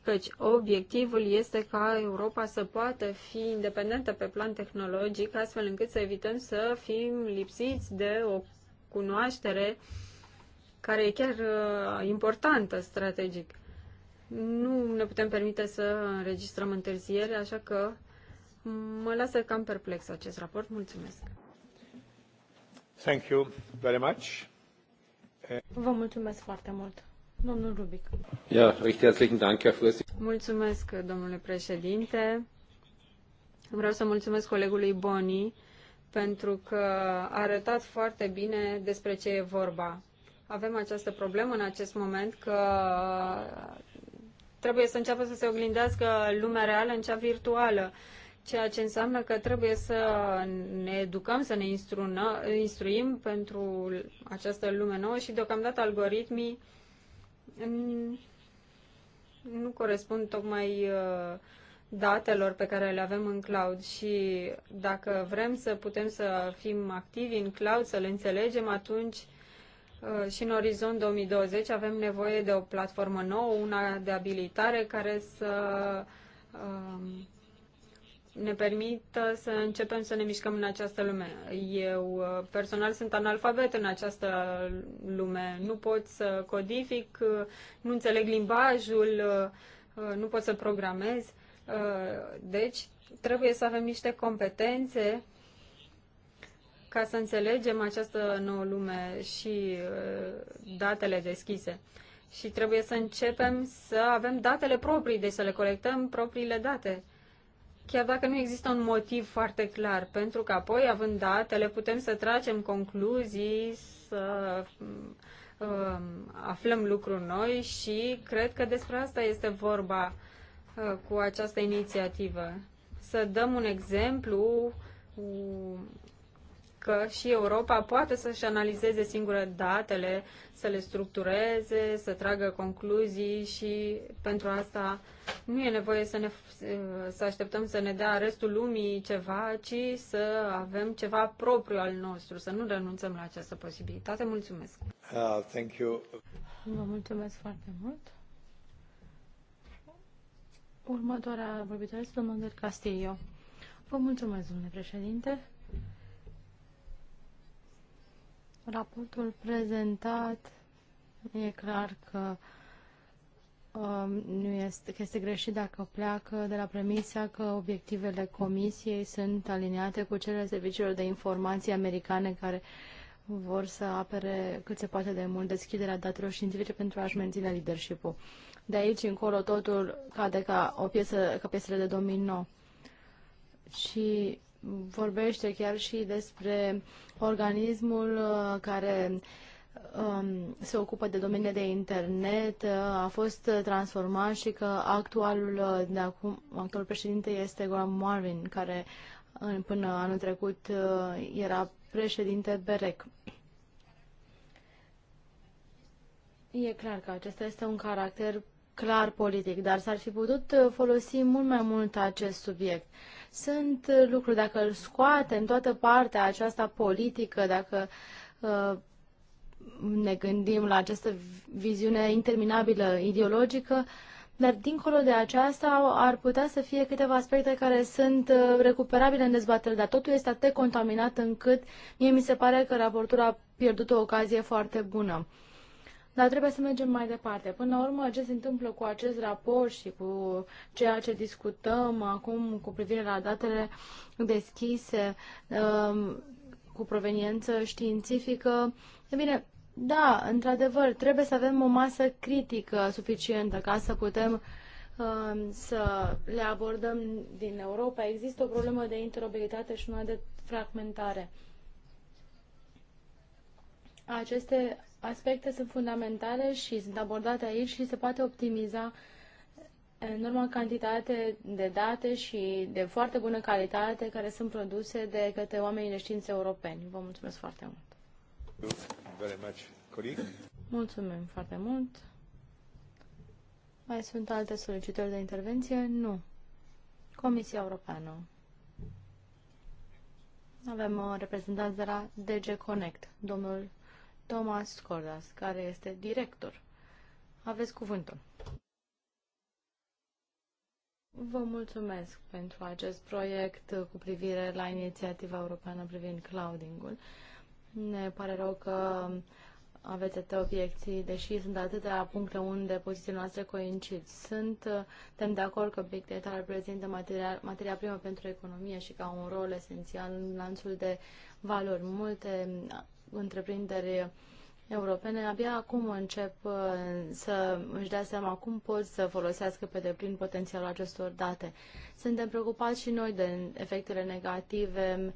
căci obiectivul este ca Europa să poată fi independentă pe plan tehnologic, astfel încât să evităm să fim lipsiți de o cunoaștere care e chiar uh, importantă strategic nu ne putem permite să înregistrăm întârziere, așa că mă lasă cam perplex acest raport. Mulțumesc! Thank you very much. Vă mulțumesc foarte mult. Domnul Rubic. Ja, recht herzlichen Dank, Herr Mulțumesc, domnule președinte. Vreau să mulțumesc colegului Boni pentru că a arătat foarte bine despre ce e vorba. Avem această problemă în acest moment că trebuie să înceapă să se oglindească lumea reală în cea virtuală, ceea ce înseamnă că trebuie să ne educăm, să ne instruna, instruim pentru această lume nouă și deocamdată algoritmii nu corespund tocmai uh, datelor pe care le avem în cloud și dacă vrem să putem să fim activi în cloud, să le înțelegem, atunci uh, Uh, și în orizont 2020 avem nevoie de o platformă nouă, una de abilitare care să um, ne permită să începem să ne mișcăm în această lume. Eu uh, personal sunt analfabet în această lume. Nu pot să codific, uh, nu înțeleg limbajul, nu pot să programez. Deci trebuie să avem niște competențe ca să înțelegem această nouă lume și uh, datele deschise. Și trebuie să începem să avem datele proprii, deci să le colectăm propriile date. Chiar dacă nu există un motiv foarte clar, pentru că apoi, având datele, putem să tragem concluzii, să uh, aflăm lucruri noi și cred că despre asta este vorba uh, cu această inițiativă. Să dăm un exemplu, că și Europa poate să-și analizeze singură datele, să le structureze, să tragă concluzii și pentru asta nu e nevoie să, ne, să așteptăm să ne dea restul lumii ceva, ci să avem ceva propriu al nostru, să nu renunțăm la această posibilitate. Mulțumesc! Uh, thank you. Vă mulțumesc foarte mult! Următoarea vorbitoare este domnul Castillo. Vă mulțumesc, domnule președinte. Raportul prezentat e clar că um, nu este, că este greșit dacă pleacă de la premisa că obiectivele comisiei sunt aliniate cu cele serviciilor de informații americane care vor să apere cât se poate de mult deschiderea datelor științifice pentru a-și menține leadership-ul. De aici încolo totul cade ca o piesă, ca piesele de domino. Și vorbește chiar și despre organismul uh, care um, se ocupă de domeniile de internet, uh, a fost transformat și că actualul, uh, de acum, actualul președinte este Graham Marvin, care până anul trecut era președinte BEREC. E clar că acesta este un caracter clar politic, dar s-ar fi putut folosi mult mai mult acest subiect sunt lucruri, dacă îl scoatem toată partea aceasta politică, dacă uh, ne gândim la această viziune interminabilă ideologică, dar dincolo de aceasta ar putea să fie câteva aspecte care sunt uh, recuperabile în dezbatere, dar totul este atât contaminat încât mie mi se pare că raportul a pierdut o ocazie foarte bună. Dar trebuie să mergem mai departe. Până la urmă, ce se întâmplă cu acest raport și cu ceea ce discutăm acum cu privire la datele deschise um, cu proveniență științifică, e bine, da, într-adevăr, trebuie să avem o masă critică suficientă ca să putem um, să le abordăm din Europa. Există o problemă de interoperabilitate și una de fragmentare. Aceste aspecte sunt fundamentale și sunt abordate aici și se poate optimiza enorma eh, cantitate de date și de foarte bună calitate care sunt produse de către oamenii de științe europeni. Vă mulțumesc foarte mult! Mulțumim foarte mult! Mai sunt alte solicitări de intervenție? Nu. Comisia Europeană. Avem uh, reprezentanți de la DG Connect, domnul Thomas Cordas, care este director. Aveți cuvântul. Vă mulțumesc pentru acest proiect cu privire la inițiativa europeană privind cloudingul. Ne pare rău că aveți atâtea obiecții, deși sunt atâtea puncte unde pozițiile noastre coincid. Sunt, tem de acord că Big Data reprezintă materia, materia primă pentru economie și ca un rol esențial în lanțul de valori. Multe întreprinderi europene abia acum încep uh, să își dea seama cum pot să folosească pe deplin potențialul acestor date. Suntem preocupați și noi de efectele negative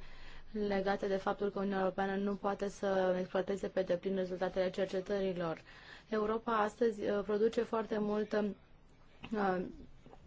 legate de faptul că Uniunea Europeană nu poate să exploateze pe deplin rezultatele cercetărilor. Europa astăzi uh, produce foarte multă uh,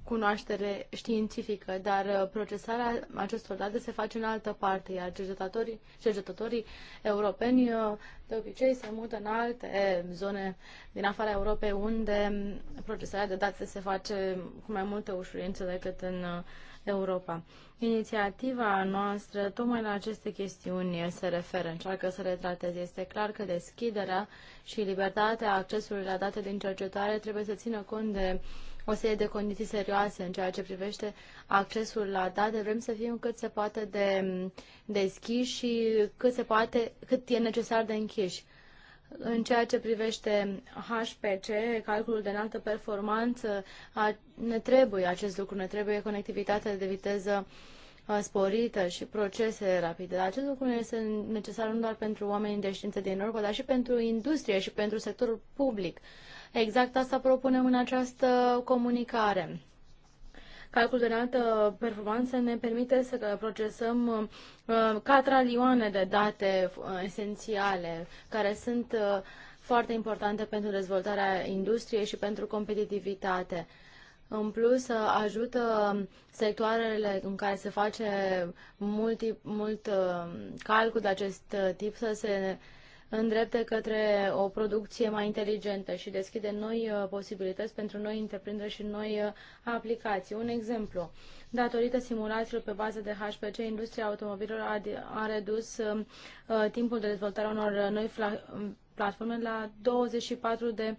cunoaștere științifică, dar uh, procesarea acestor date se face în altă parte, iar cercetătorii, cercetătorii europeni uh, de obicei se mută în alte zone din afara Europei unde um, procesarea de date se face cu mai multă ușurință decât în uh, Europa. Inițiativa noastră tocmai la aceste chestiuni se referă, încearcă să le trateze. Este clar că deschiderea și libertatea accesului la date din cercetare trebuie să țină cont de o serie de condiții serioase în ceea ce privește accesul la date. Vrem să fim cât se poate de deschiși și cât, se poate, cât e necesar de închiși. În ceea ce privește HPC, calculul de înaltă performanță, ne trebuie acest lucru, ne trebuie conectivitate de viteză sporită și procese rapide. Dar acest lucru este necesar nu doar pentru oamenii de știință din Europa, dar și pentru industrie și pentru sectorul public. Exact asta propunem în această comunicare. Calculul de înaltă performanță ne permite să procesăm uh, catralioane de date uh, esențiale care sunt uh, foarte importante pentru dezvoltarea industriei și pentru competitivitate. În plus, ajută sectoarele în care se face multi, mult calcul de acest tip să se îndrepte către o producție mai inteligentă și deschide noi uh, posibilități pentru noi întreprinderi și noi uh, aplicații. Un exemplu, datorită simulațiilor pe bază de HPC, industria automobilelor a, a redus uh, uh, timpul de dezvoltare unor noi platforme la 24 de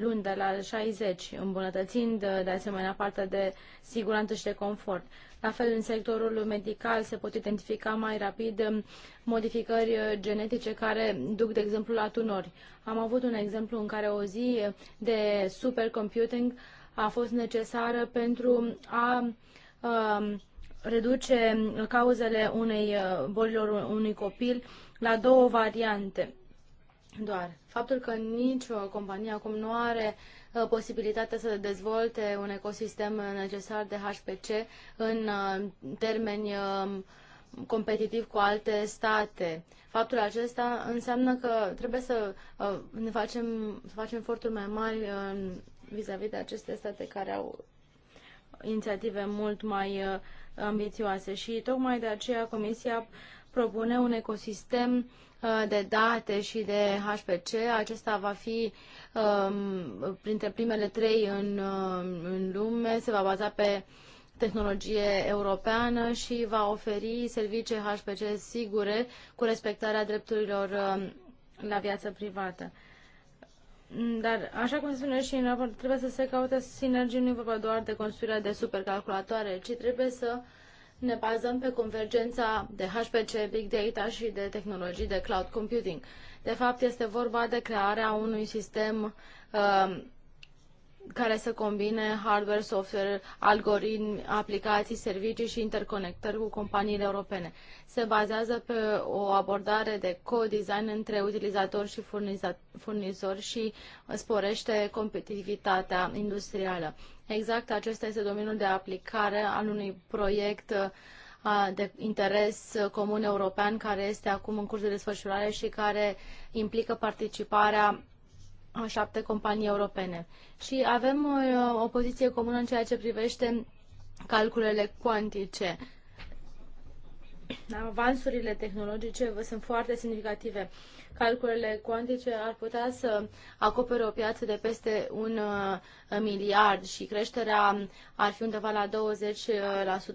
luni de la 60, îmbunătățind de asemenea partea de siguranță și de confort. La fel, în sectorul medical se pot identifica mai rapid modificări genetice care duc, de exemplu, la tunori. Am avut un exemplu în care o zi de supercomputing a fost necesară pentru a, a um, reduce cauzele unei uh, bolilor unui copil la două variante doar. Faptul că nicio uh, companie acum nu are Uh, posibilitatea să dezvolte un ecosistem necesar de HPC în uh, termeni um, competitiv cu alte state. Faptul acesta înseamnă că trebuie să uh, ne facem, să facem eforturi mai mari um, vis-a-vis -vis de aceste state care au inițiative mult mai ambițioase și tocmai de aceea Comisia propune un ecosistem uh, de date și de HPC. Acesta va fi um, printre primele trei în, um, în lume, se va baza pe tehnologie europeană și va oferi servicii HPC sigure cu respectarea drepturilor um, la viață privată. Dar, așa cum se spune și în raport, trebuie să se caute sinergii, nu e vorba doar de construirea de supercalculatoare, ci trebuie să uh, ne bazăm pe convergența de HPC, Big Data și de tehnologii de cloud computing. De fapt, este vorba de crearea unui sistem uh, care să combine hardware, software, algoritmi, aplicații, servicii și interconectări cu companiile europene. Se bazează pe o abordare de co-design între utilizatori și furnizori și sporește competitivitatea industrială. Exact acesta este domeniul de aplicare al unui proiect de interes comun european care este acum în curs de desfășurare și care implică participarea șapte companii europene. Și avem o, uh, o poziție comună în ceea ce privește calculele cuantice. Avansurile tehnologice sunt foarte semnificative calculele cuantice ar putea să acopere o piață de peste un uh, miliard și creșterea ar fi undeva la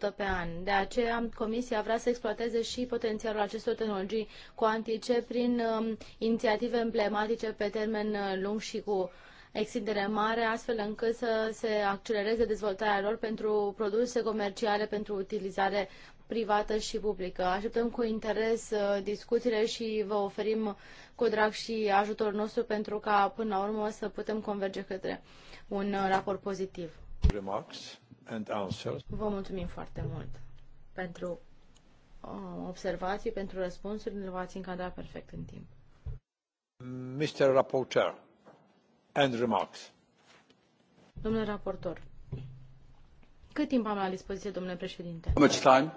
20% pe an. De aceea, Comisia vrea să exploateze și potențialul acestor tehnologii cuantice prin um, inițiative emblematice pe termen uh, lung și cu extindere mare, astfel încât să se accelereze dezvoltarea lor pentru produse comerciale, pentru utilizare privată și publică. Așteptăm cu interes uh, discuțiile și vă oferim cu drag și ajutorul nostru pentru ca până la urmă să putem converge către un uh, raport pozitiv. Vă mulțumim foarte mult pentru uh, observații, pentru răspunsurile, v-ați încadrat perfect în timp. Mr. Rapporteur, and remarks. Domnule raportor, cât timp am la dispoziție, domnule președinte? How much time?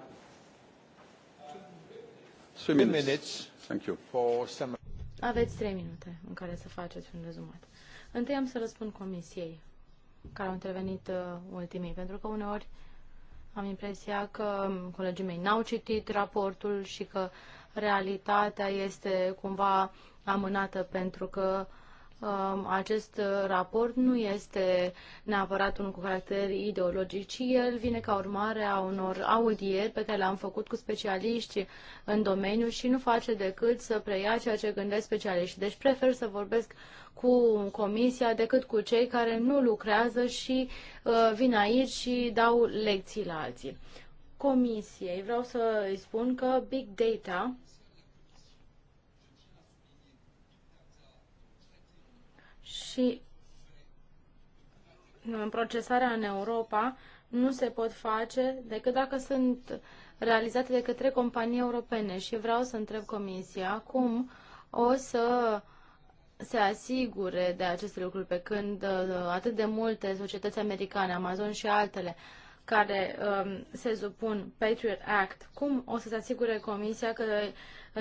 Aveți trei minute în care să faceți un rezumat. Întâi am să răspund comisiei care au intervenit uh, ultimii, pentru că uneori am impresia că colegii mei n-au citit raportul și că realitatea este cumva amânată pentru că uh, Um, acest uh, raport nu este neapărat unul cu caracter ideologic, ci el vine ca urmare a unor audieri pe care le-am făcut cu specialiști în domeniu și nu face decât să preia ceea ce gândesc specialiști. Deci prefer să vorbesc cu comisia decât cu cei care nu lucrează și uh, vin aici și dau lecții la alții. Comisiei vreau să îi spun că Big Data și în procesarea în Europa nu se pot face decât dacă sunt realizate de către companii europene și vreau să întreb Comisia cum o să se asigure de aceste lucruri pe când uh, atât de multe societăți americane, Amazon și altele, care um, se supun Patriot Act, cum o să se asigure Comisia că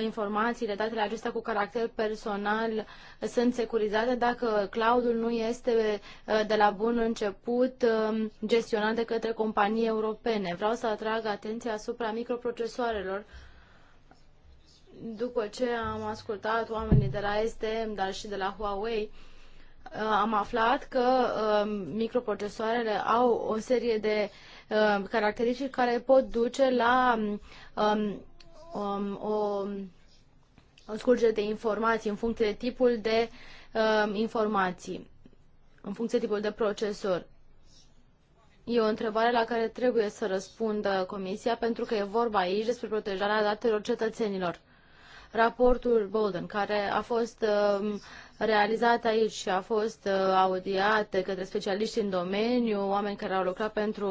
informațiile, datele acestea cu caracter personal sunt securizate dacă cloudul nu este uh, de la bun început um, gestionat de către companii europene. Vreau să atrag atenția asupra microprocesoarelor după ce am ascultat oamenii de la STM, dar și de la Huawei, uh, am aflat că um, microprocesoarele au o serie de uh, caracteristici care pot duce la um, um, o, o scurgere de informații în funcție de tipul de um, informații, în funcție de tipul de procesor. E o întrebare la care trebuie să răspundă Comisia, pentru că e vorba aici despre protejarea datelor cetățenilor. Raportul Bolden, care a fost um, realizat aici și a fost uh, audiat către specialiști în domeniu, oameni care au lucrat pentru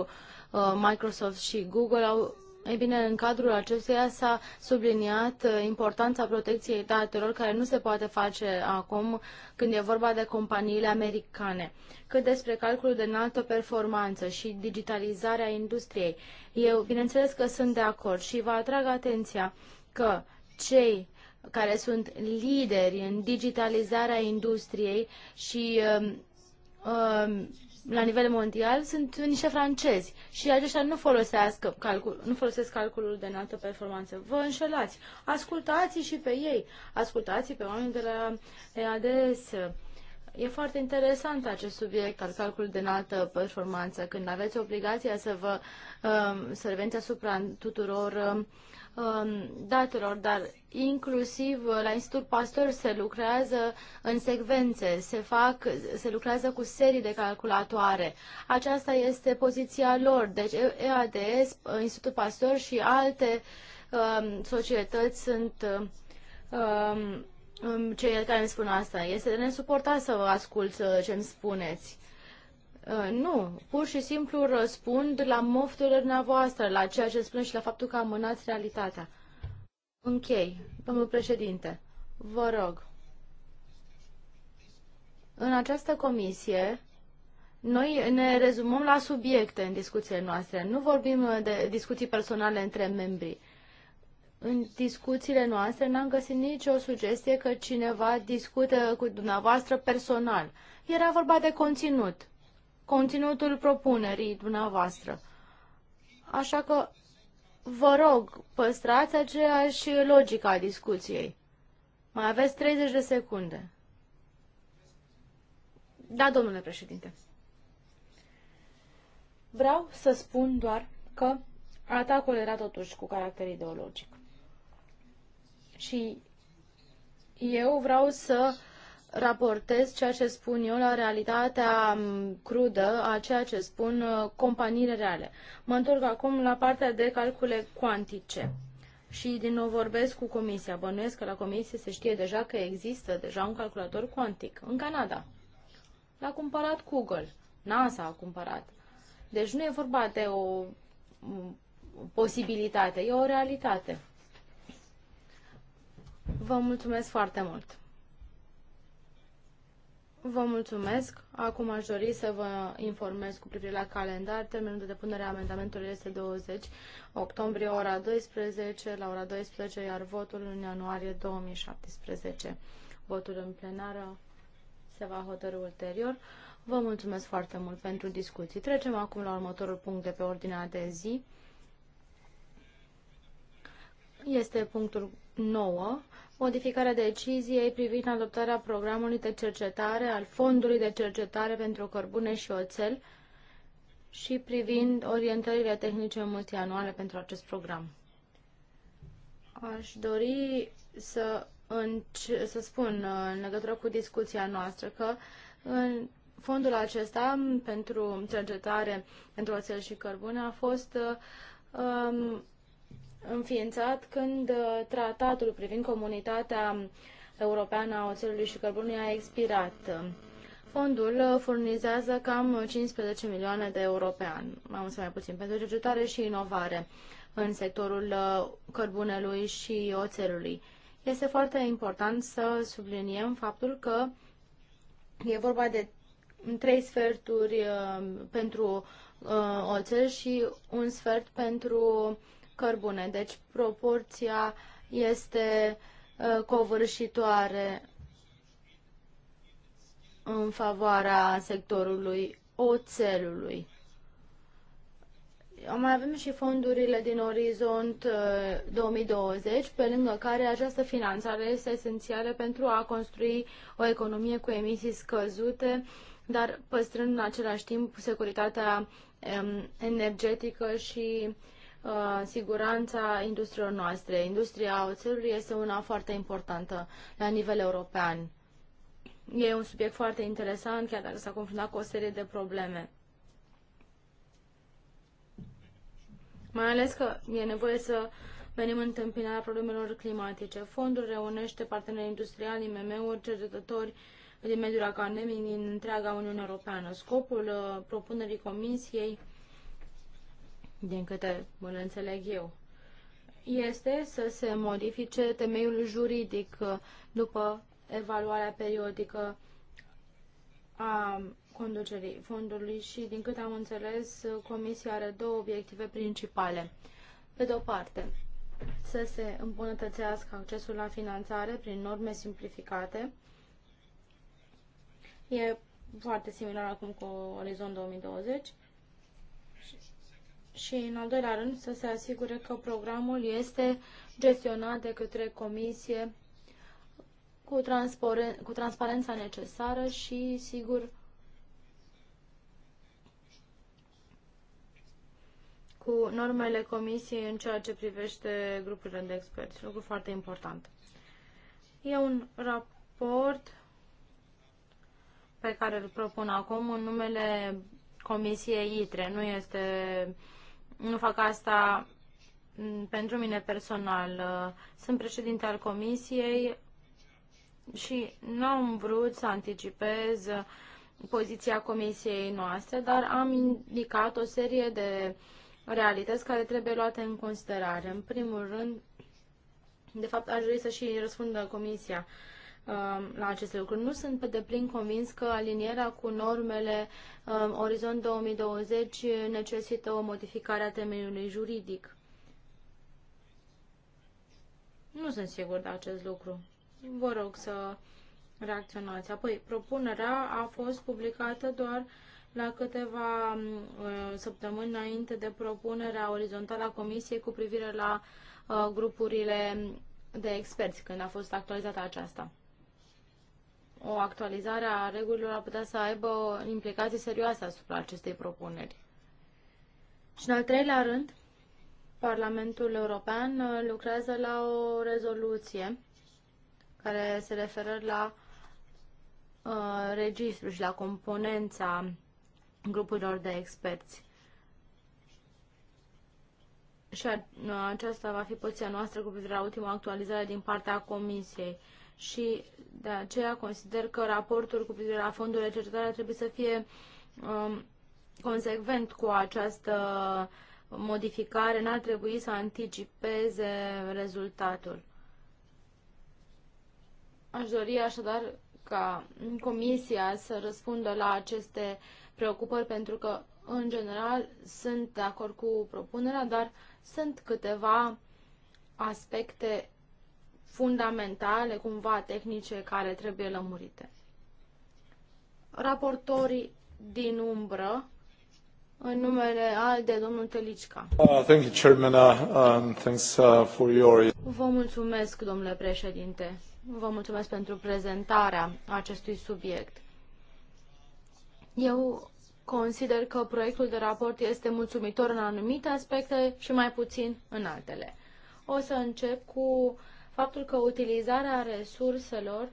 uh, Microsoft și Google, au ei bine, în cadrul acestuia s-a subliniat uh, importanța protecției datelor, care nu se poate face acum când e vorba de companiile americane. Cât despre calculul de înaltă performanță și digitalizarea industriei, eu bineînțeles că sunt de acord și vă atrag atenția că cei care sunt lideri în digitalizarea industriei și um, um, la nivel mondial sunt niște francezi și aceștia nu, folosească calcul, nu folosesc calculul de înaltă performanță. Vă înșelați. Ascultați și pe ei. Ascultați pe oamenii de la EADS. E foarte interesant acest subiect al calculului de înaltă performanță, când aveți obligația să vă um, să reveniți asupra tuturor um, um datelor, dar inclusiv la Institutul Pasteur se lucrează în secvențe, se, fac, se lucrează cu serii de calculatoare. Aceasta este poziția lor. Deci EADS, Institutul Pasteur și alte um, societăți sunt um, um, cei care îmi spun asta. Este de nesuportat să vă ascult uh, ce îmi spuneți. Uh, nu, pur și simplu răspund la mofturile voastre, la ceea ce spun și la faptul că amânați realitatea. Închei, domnul președinte, vă rog. În această comisie, noi ne rezumăm la subiecte în discuțiile noastre. Nu vorbim de discuții personale între membri. În discuțiile noastre n-am găsit nicio sugestie că cineva discută cu dumneavoastră personal. Era vorba de conținut, conținutul propunerii dumneavoastră. Așa că Vă rog, păstrați aceeași logică a discuției. Mai aveți 30 de secunde. Da, domnule președinte. Vreau să spun doar că atacul era totuși cu caracter ideologic. Și eu vreau să raportez ceea ce spun eu la realitatea crudă a ceea ce spun uh, companiile reale. Mă întorc acum la partea de calcule cuantice. Și din nou vorbesc cu comisia. Bănuiesc că la comisie se știe deja că există deja un calculator cuantic în Canada. L-a cumpărat Google. NASA a cumpărat. Deci nu e vorba de o posibilitate, e o realitate. Vă mulțumesc foarte mult! Vă mulțumesc. Acum aș dori să vă informez cu privire la calendar. Termenul de depunere a amendamentului este 20 octombrie, ora 12, la ora 12, iar votul în ianuarie 2017. Votul în plenară se va hotărâ ulterior. Vă mulțumesc foarte mult pentru discuții. Trecem acum la următorul punct de pe ordinea de zi. Este punctul 9, modificarea deciziei privind adoptarea programului de cercetare al Fondului de Cercetare pentru Cărbune și Oțel și privind orientările tehnice multianuale pentru acest program. Aș dori să, să spun uh, în legătură cu discuția noastră că în fondul acesta pentru cercetare pentru oțel și cărbune a fost uh, um, înființat când uh, tratatul privind comunitatea europeană a oțelului și cărbunului a expirat. Fondul uh, furnizează cam 15 milioane de euro pe an, mai mult sau mai puțin, pentru cercetare și inovare în sectorul uh, cărbunelui și oțelului. Este foarte important să subliniem faptul că e vorba de trei sferturi pentru oțel și un sfert pentru cărbune. Deci proporția este ă, covârșitoare în favoarea sectorului oțelului. Mai avem și fondurile din Orizont 2020, ă, pe lângă care această finanțare este esențială pentru a construi o economie cu emisii scăzute, dar păstrând în același timp securitatea energetică și Uh, siguranța industriilor noastre. Industria oțelului este una foarte importantă la nivel european. E un subiect foarte interesant, chiar dacă s-a confundat cu o serie de probleme. Mai ales că e nevoie să venim în întâmpinarea problemelor climatice. Fondul reunește parteneri industriali, IMM-uri, cercetători din mediul academic din întreaga Uniune Europeană. Scopul uh, propunerii Comisiei din câte mă înțeleg eu, este să se modifice temeiul juridic uh, după evaluarea periodică a conducerii fondului și, din câte am înțeles, Comisia are două obiective principale. Pe de o parte, să se îmbunătățească accesul la finanțare prin norme simplificate. E foarte similar acum cu Orizont 2020 și, în al doilea rând, să se asigure că programul este gestionat de către comisie cu, cu transparența necesară și, sigur, cu normele comisiei în ceea ce privește grupurile de experți. Lucru foarte important. E un raport pe care îl propun acum în numele Comisiei ITRE. Nu este nu fac asta mm, pentru mine personal. Uh, sunt președinte al comisiei și nu am vrut să anticipez poziția comisiei noastre, dar am indicat o serie de realități care trebuie luate în considerare. În primul rând, de fapt, aș vrea să și răspundă comisia. Uh, Um, la aceste lucruri. Nu sunt pe deplin convins că alinierea cu normele um, Orizont 2020 necesită o modificare a temeiului juridic. Nu sunt sigur de acest lucru. Vă rog să reacționați. Apoi, propunerea a fost publicată doar la câteva um, uh, săptămâni înainte de propunerea orizontală a Comisiei cu privire la uh, grupurile de experți, când a fost actualizată aceasta o actualizare a regulilor ar putea să aibă implicații serioase asupra acestei propuneri. Și în al treilea rând, Parlamentul European uh, lucrează la o rezoluție care se referă la uh, registru și la componența grupurilor de experți. Și a, uh, aceasta va fi poziția noastră cu privire la ultima actualizare din partea Comisiei. Uh, și de aceea consider că raportul cu privire la fondurile cercetare trebuie să fie um, consecvent cu această modificare, n-ar trebui să anticipeze rezultatul. Aș dori așadar ca Comisia să răspundă la aceste preocupări, pentru că, în general, sunt de acord cu propunerea, dar sunt câteva aspecte fundamentale, cumva tehnice, care trebuie lămurite. Raportorii din umbră, în numele al de domnul Telicca. Uh, thank you, Chairman, uh, thanks uh, for your... Vă mulțumesc, domnule președinte. Vă mulțumesc pentru prezentarea acestui subiect. Eu consider că proiectul de raport este mulțumitor în anumite aspecte și mai puțin în altele. O să încep cu uh, faptul că utilizarea resurselor,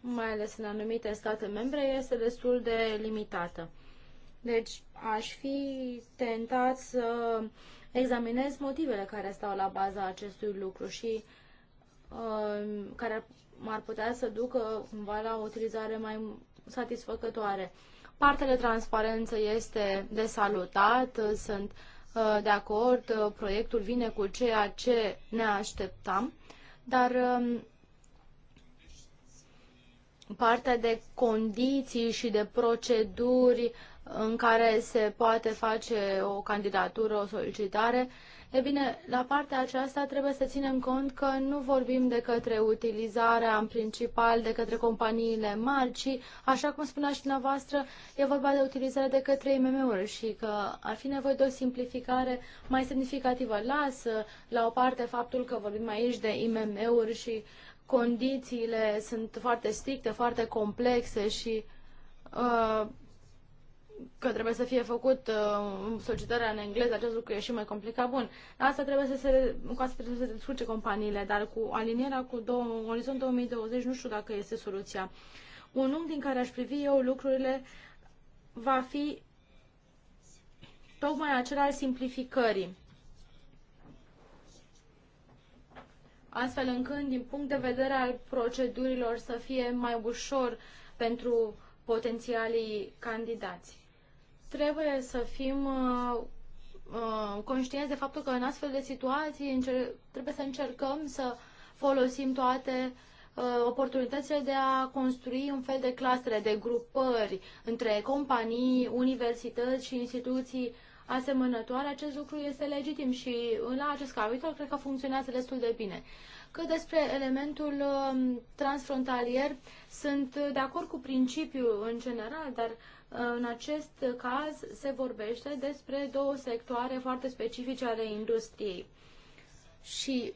mai ales în anumite state membre, este destul de limitată. Deci aș fi tentat să examinez motivele care stau la baza acestui lucru și uh, care ar putea să ducă cumva la o utilizare mai satisfăcătoare. Partea de transparență este de salutat, sunt uh, de acord, uh, proiectul vine cu ceea ce ne așteptam dar um, partea de condiții și de proceduri în care se poate face o candidatură, o solicitare, E bine, la partea aceasta trebuie să ținem cont că nu vorbim de către utilizarea în principal de către companiile mari, ci, așa cum spunea și dumneavoastră, e vorba de utilizare de către IMM-uri și că ar fi nevoie de o simplificare mai semnificativă. Lasă la o parte faptul că vorbim aici de IMM-uri și condițiile sunt foarte stricte, foarte complexe și uh, că trebuie să fie făcut uh, solicitarea în engleză, acest lucru e și mai complicat. Bun, asta trebuie să se, cu asta trebuie să se descurce companiile, dar cu alinierea cu două, Orizont 2020 nu știu dacă este soluția. Un unghi din care aș privi eu lucrurile va fi tocmai acela al simplificării. Astfel încât, din punct de vedere al procedurilor, să fie mai ușor pentru potențialii candidați trebuie să fim uh, uh, conștienți de faptul că în astfel de situații trebuie să încercăm să folosim toate uh, oportunitățile de a construi un fel de clastere, de grupări între companii, universități și instituții asemănătoare. Acest lucru este legitim și la acest capitol cred că funcționează destul de bine. Că despre elementul uh, transfrontalier sunt de acord cu principiul în general, dar uh, în acest caz se vorbește despre două sectoare foarte specifice ale industriei. Și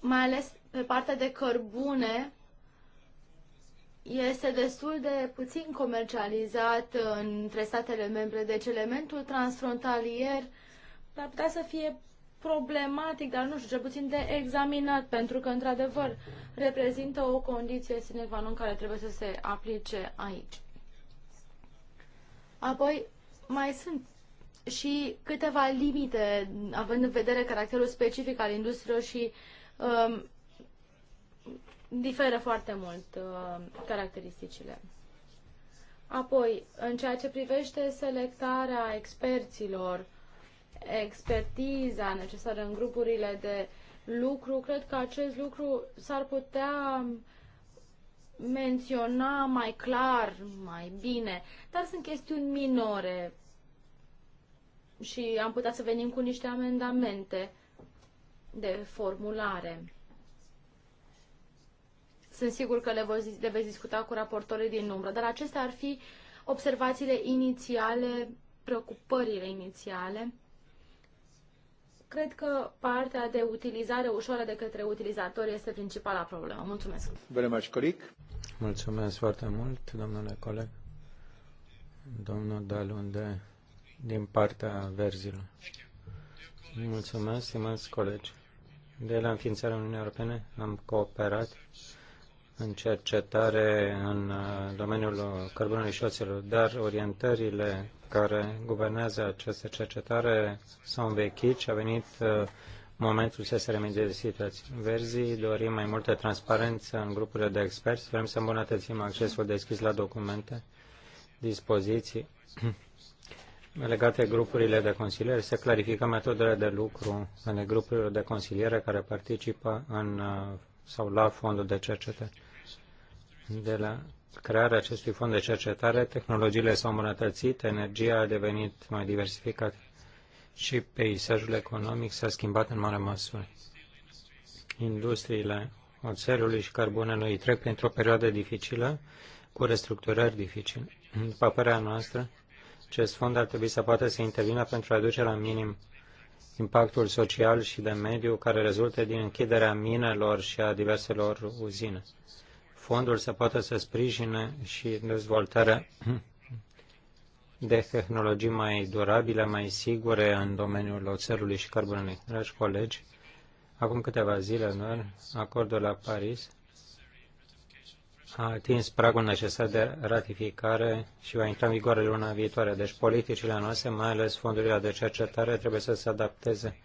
mai ales pe partea de cărbune, este destul de puțin comercializat între statele membre, deci elementul transfrontalier ar putea să fie problematic, dar nu știu, cel puțin de examinat, pentru că, într-adevăr, reprezintă o condiție sine qua non care trebuie să se aplice aici. Apoi, mai sunt și câteva limite, având în vedere caracterul specific al industriilor și um, diferă foarte mult uh, caracteristicile. Apoi, în ceea ce privește selectarea experților, uh, expertiza necesară în grupurile de lucru, cred că acest lucru s-ar putea menționa mai clar, mai bine, dar sunt chestiuni minore și am putea să venim cu niște amendamente de formulare. Sunt sigur că le, voi, le veți discuta cu raportorii din umbră, dar acestea ar fi observațiile inițiale, preocupările inițiale cred că partea de utilizare ușoară de către utilizator este principala problemă. Mulțumesc. Very much, Mulțumesc foarte mult, domnule coleg. Domnul Dalunde, din partea verzilor. Mulțumesc, stimați colegi. De la înființarea Uniunii Europene am cooperat în cercetare în uh, domeniul cărbunului și oțelului, dar orientările care guvernează această cercetare s-au învechit și a venit uh, momentul să se remedieze situații. Verzii dorim mai multă transparență în grupurile de experți, vrem să îmbunătățim accesul deschis la documente, dispoziții legate grupurile de consiliere, să clarificăm metodele de lucru ale grupurilor de consiliere care participă în uh, sau la fondul de cercetare. De la crearea acestui fond de cercetare, tehnologiile s-au îmbunătățit, energia a devenit mai diversificată și peisajul economic s-a schimbat în mare măsură. Industriile oțelului și carbonelui trec printr-o perioadă dificilă, cu restructurări dificile. După părerea noastră, acest fond ar trebui să poată să intervină pentru a reduce la minim impactul social și de mediu care rezultă din închiderea minelor și a diverselor uzine fondul să poată să sprijine și dezvoltarea de tehnologii mai durabile, mai sigure în domeniul oțelului și carbonului. Dragi colegi, acum câteva zile noi, acordul la Paris a atins pragul necesar de ratificare și va intra în vigoare luna viitoare. Deci politicile noastre, mai ales fondurile de cercetare, trebuie să se adapteze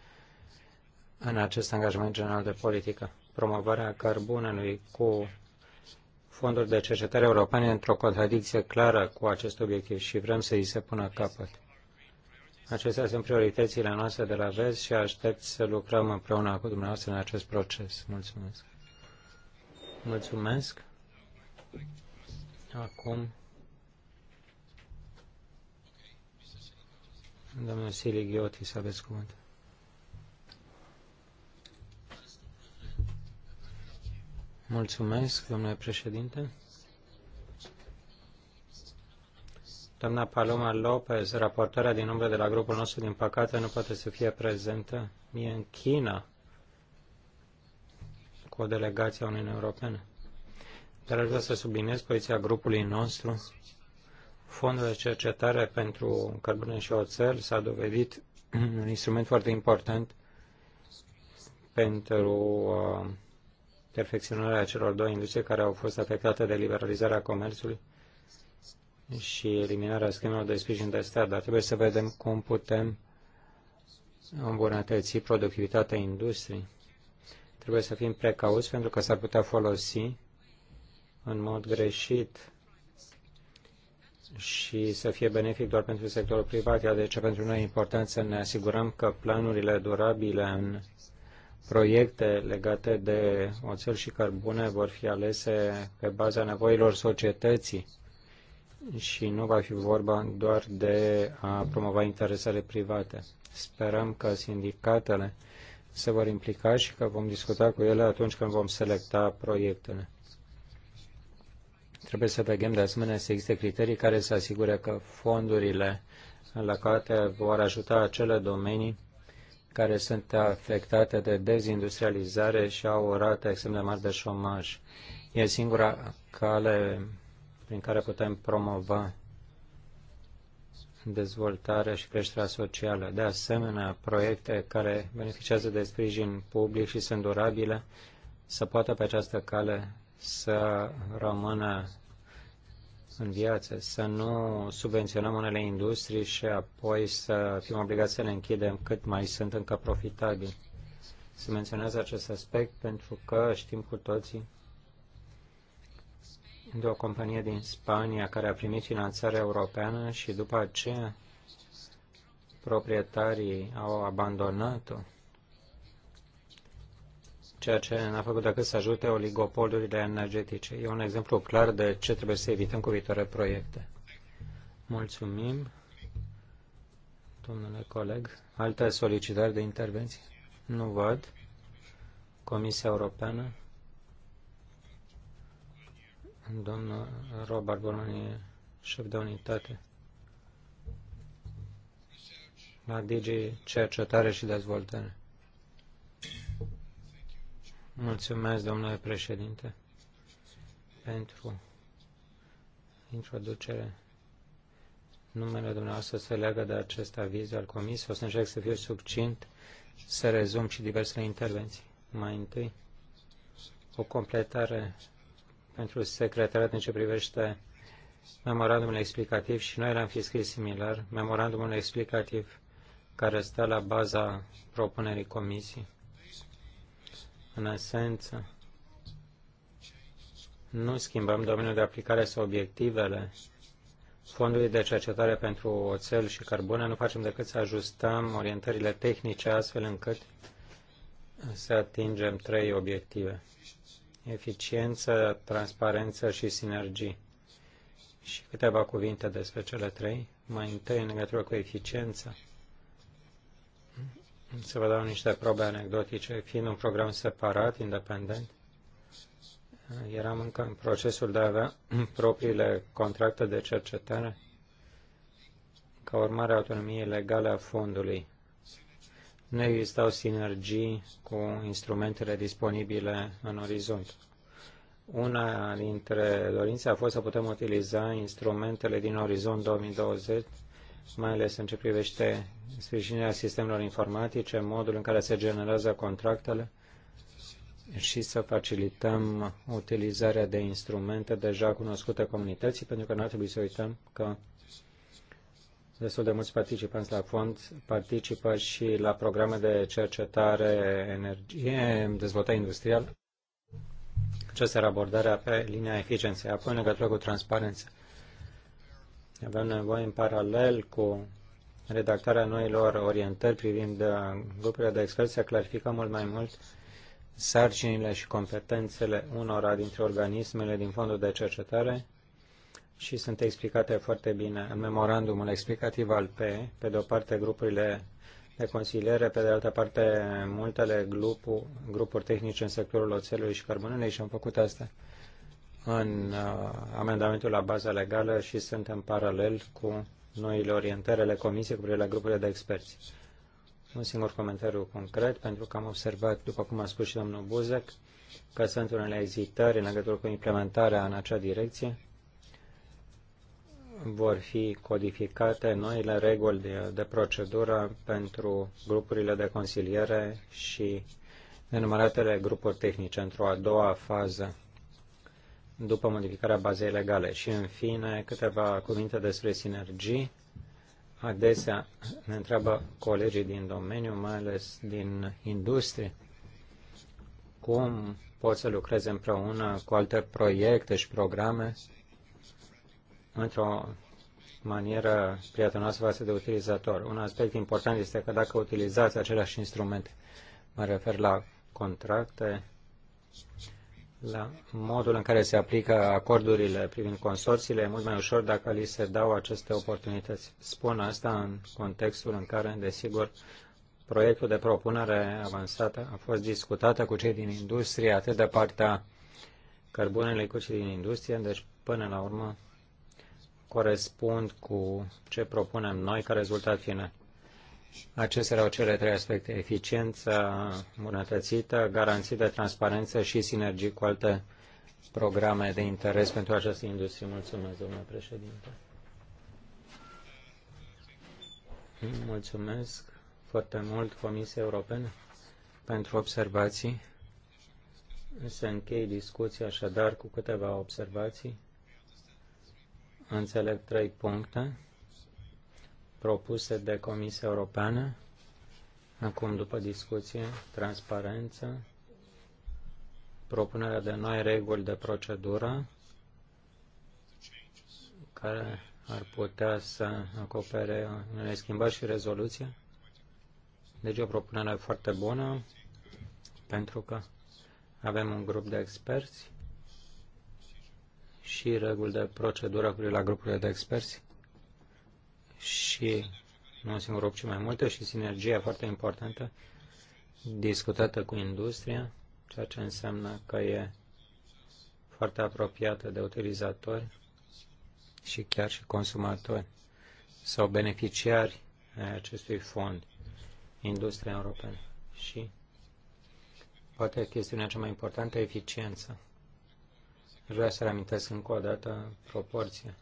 în acest angajament general de politică. Promovarea carbonului cu fonduri de cercetare europene într-o contradicție clară cu acest obiectiv și vrem să îi se pună capăt. Acestea sunt prioritățile noastre de la vest și aștept să lucrăm împreună cu dumneavoastră în acest proces. Mulțumesc. Mulțumesc. Acum, domnul Silighiotis, aveți cuvântul. Mulțumesc, domnule președinte. Doamna Paloma Lopez, raportoarea din umbră de la grupul nostru, din păcate, nu poate să fie prezentă. E în China cu o delegație a Uniunii Europene. Dar aș vrea să subliniez poziția grupului nostru. Fondul de cercetare pentru cărbune și oțel s-a dovedit un instrument foarte important pentru uh, perfecționarea celor două industrie care au fost afectate de liberalizarea comerțului și eliminarea schemelor de sprijin de stat, dar trebuie să vedem cum putem îmbunătăți productivitatea industriei. Trebuie să fim precauți pentru că s-ar putea folosi în mod greșit și să fie benefic doar pentru sectorul privat, iar ce pentru noi e important să ne asigurăm că planurile durabile în proiecte legate de oțel și cărbune vor fi alese pe baza nevoilor societății și nu va fi vorba doar de a promova interesele private. Sperăm că sindicatele se vor implica și că vom discuta cu ele atunci când vom selecta proiectele. Trebuie să vegem de asemenea să existe criterii care să asigure că fondurile alocate vor ajuta acele domenii care sunt afectate de dezindustrializare și au o rată extrem de mare de șomaj. E singura cale prin care putem promova dezvoltarea și creșterea socială. De asemenea, proiecte care beneficiază de sprijin public și sunt durabile să poată pe această cale să rămână în viață, să nu subvenționăm unele industrii și apoi să fim obligați să le închidem cât mai sunt încă profitabili. Se menționează acest aspect pentru că știm cu toții de o companie din Spania care a primit finanțare europeană și după aceea proprietarii au abandonat-o ceea ce n-a făcut decât să ajute oligopolurile energetice. E un exemplu clar de ce trebuie să evităm cu viitoare proiecte. Mulțumim, domnule coleg. Alte solicitări de intervenție? Nu văd. Comisia Europeană? Domnul Robert Bormani, șef de unitate la DG Cercetare și Dezvoltare. Mulțumesc, domnule președinte, pentru introducere. Numele dumneavoastră se leagă de acest aviz al comisiei. O să încerc să fiu succint, să rezum și diversele intervenții. Mai întâi, o completare pentru secretariat în ce privește memorandumul explicativ și noi l-am fi scris similar, memorandumul explicativ care stă la baza propunerii comisiei în esență, nu schimbăm domeniul de aplicare sau obiectivele fondului de cercetare pentru oțel și carbone, nu facem decât să ajustăm orientările tehnice astfel încât să atingem trei obiective. Eficiență, transparență și sinergii. Și câteva cuvinte despre cele trei. Mai întâi, în legătură cu eficiența. Să vă dau niște probe anecdotice. Fiind un program separat, independent, eram încă în procesul de a avea propriile contracte de cercetare ca urmare a autonomiei legale a fondului. Nu existau sinergii cu instrumentele disponibile în orizont. Una dintre dorințe a fost să putem utiliza instrumentele din Orizont 2020 mai ales în ce privește sprijinirea sistemelor informatice, modul în care se generează contractele și să facilităm utilizarea de instrumente deja cunoscute comunității, pentru că nu ar trebui să uităm că destul de mulți participanți la fond participă și la programe de cercetare, energie, dezvoltare industrială. Aceasta era abordarea pe linia eficienței. Apoi, în legătură cu transparență, avem nevoie în paralel cu redactarea noilor orientări privind uh, grupurile de experți să clarificăm mult mai mult sarcinile și competențele unora dintre organismele din fondul de cercetare și sunt explicate foarte bine în memorandumul explicativ al PE, pe de o parte grupurile de consiliere, pe de altă parte multele grupu, grupuri tehnice în sectorul oțelului și cărbunelui și am făcut asta în uh, amendamentul la bază legală și sunt în paralel cu noile orientări ale Comisiei cu privire la grupurile de experți. Un singur comentariu concret, pentru că am observat, după cum a spus și domnul Buzek, că sunt unele ezitări în legătură cu implementarea în acea direcție. Vor fi codificate noile reguli de, de procedură pentru grupurile de consiliere și enumăratele grupuri tehnice într-o a doua fază după modificarea bazei legale. Și, în fine, câteva cuvinte despre sinergii. Adesea ne întreabă colegii din domeniu, mai ales din industrie, cum pot să lucreze împreună cu alte proiecte și programe într-o manieră prietenoasă față de utilizator. Un aspect important este că dacă utilizați aceleași instrumente, mă refer la contracte, la da. modul în care se aplică acordurile privind consorțiile, e mult mai ușor dacă li se dau aceste oportunități. Spun asta în contextul în care, desigur, proiectul de propunere avansată a fost discutată cu cei din industrie, atât de partea cărbunelui cât și din industrie, deci până la urmă corespund cu ce propunem noi ca rezultat final. Acestea erau cele trei aspecte. Eficiență îmbunătățită, garanții de transparență și sinergii cu alte programe de interes pentru această industrie. Mulțumesc, domnule președinte. Mulțumesc foarte mult Comisiei Europene pentru observații. Să închei discuția așadar cu câteva observații. Înțeleg trei puncte propuse de Comisia Europeană, acum după discuție, transparență, propunerea de noi reguli de procedură care ar putea să acopere unele schimbări și rezoluție. Deci o propunere foarte bună pentru că avem un grup de experți și reguli de procedură cu la grupurile de experți și nu un singur rog, ci mai multe și sinergia foarte importantă discutată cu industria, ceea ce înseamnă că e foarte apropiată de utilizatori și chiar și consumatori sau beneficiari ai acestui fond, industria europeană. Și poate chestiunea cea mai importantă, eficiența. Vreau să reamintesc încă o dată proporția.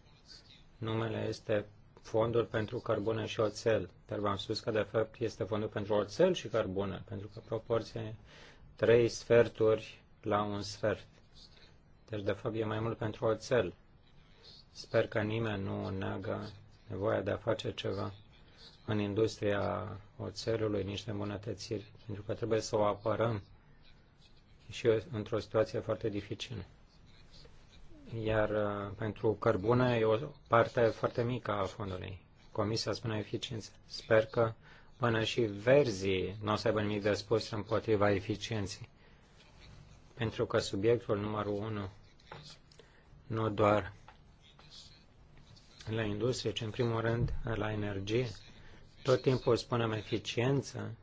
Numele este fondul pentru cărbune și oțel. Dar v-am spus că, de fapt, este fondul pentru oțel și cărbune, pentru că proporție trei sferturi la un sfert. Deci, de fapt, e mai mult pentru oțel. Sper că nimeni nu neagă nevoia de a face ceva în industria oțelului, niște îmbunătățiri, pentru că trebuie să o apărăm și într-o situație foarte dificilă iar uh, pentru cărbune e o parte foarte mică a fondului. Comisia spune eficiență. Sper că până și verzii nu o să aibă nimic de spus împotriva eficienței. Pentru că subiectul numărul 1 nu doar la industrie, ci în primul rând la energie. Tot timpul spunem eficiență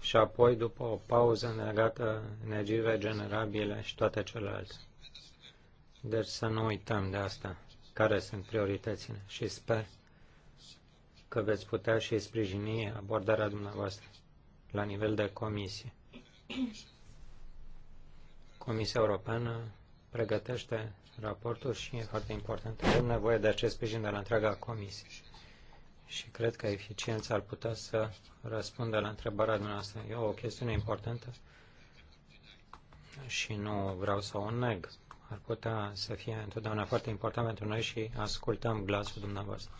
și apoi, după o pauză, ne arată energii regenerabile și toate celelalte. Deci să nu uităm de asta, care sunt prioritățile și sper că veți putea și sprijini abordarea dumneavoastră la nivel de comisie. Comisia Europeană pregătește raportul și e foarte important. Avem nevoie de acest sprijin de la întreaga comisie și cred că eficiența ar putea să răspundă la întrebarea dumneavoastră. E o chestiune importantă și nu vreau să o neg. Ar putea să fie întotdeauna foarte important pentru noi și ascultăm glasul dumneavoastră.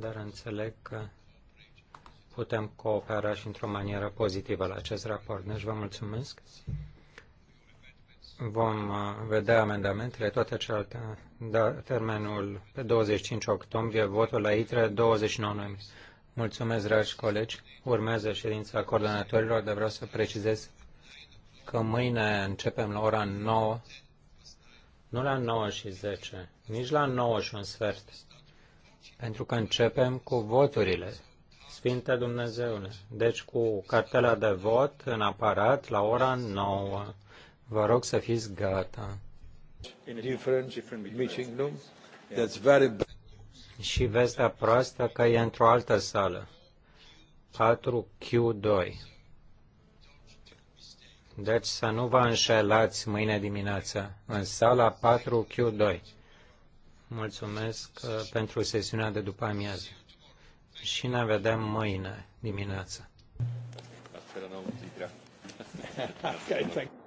Dar înțeleg că putem coopera și într-o manieră pozitivă la acest raport. Deci vă mulțumesc vom uh, vedea amendamentele, toate celelalte. Da, termenul pe 25 octombrie, votul la ITRE 29 noiembrie. Mulțumesc, dragi colegi. Urmează ședința coordonatorilor, dar vreau să precizez că mâine începem la ora 9, nu la 9 și 10, nici la 9 și un sfert, pentru că începem cu voturile. Sfinte Dumnezeule. Deci cu cartela de vot în aparat la ora 9. Vă rog să fiți gata. Meeting room. That's very și vestea proastă că e într-o altă sală. 4Q2. Deci să nu vă înșelați mâine dimineață în sala 4Q2. Mulțumesc uh, pentru sesiunea de după amiază. Și ne vedem mâine dimineață. Okay, thank you.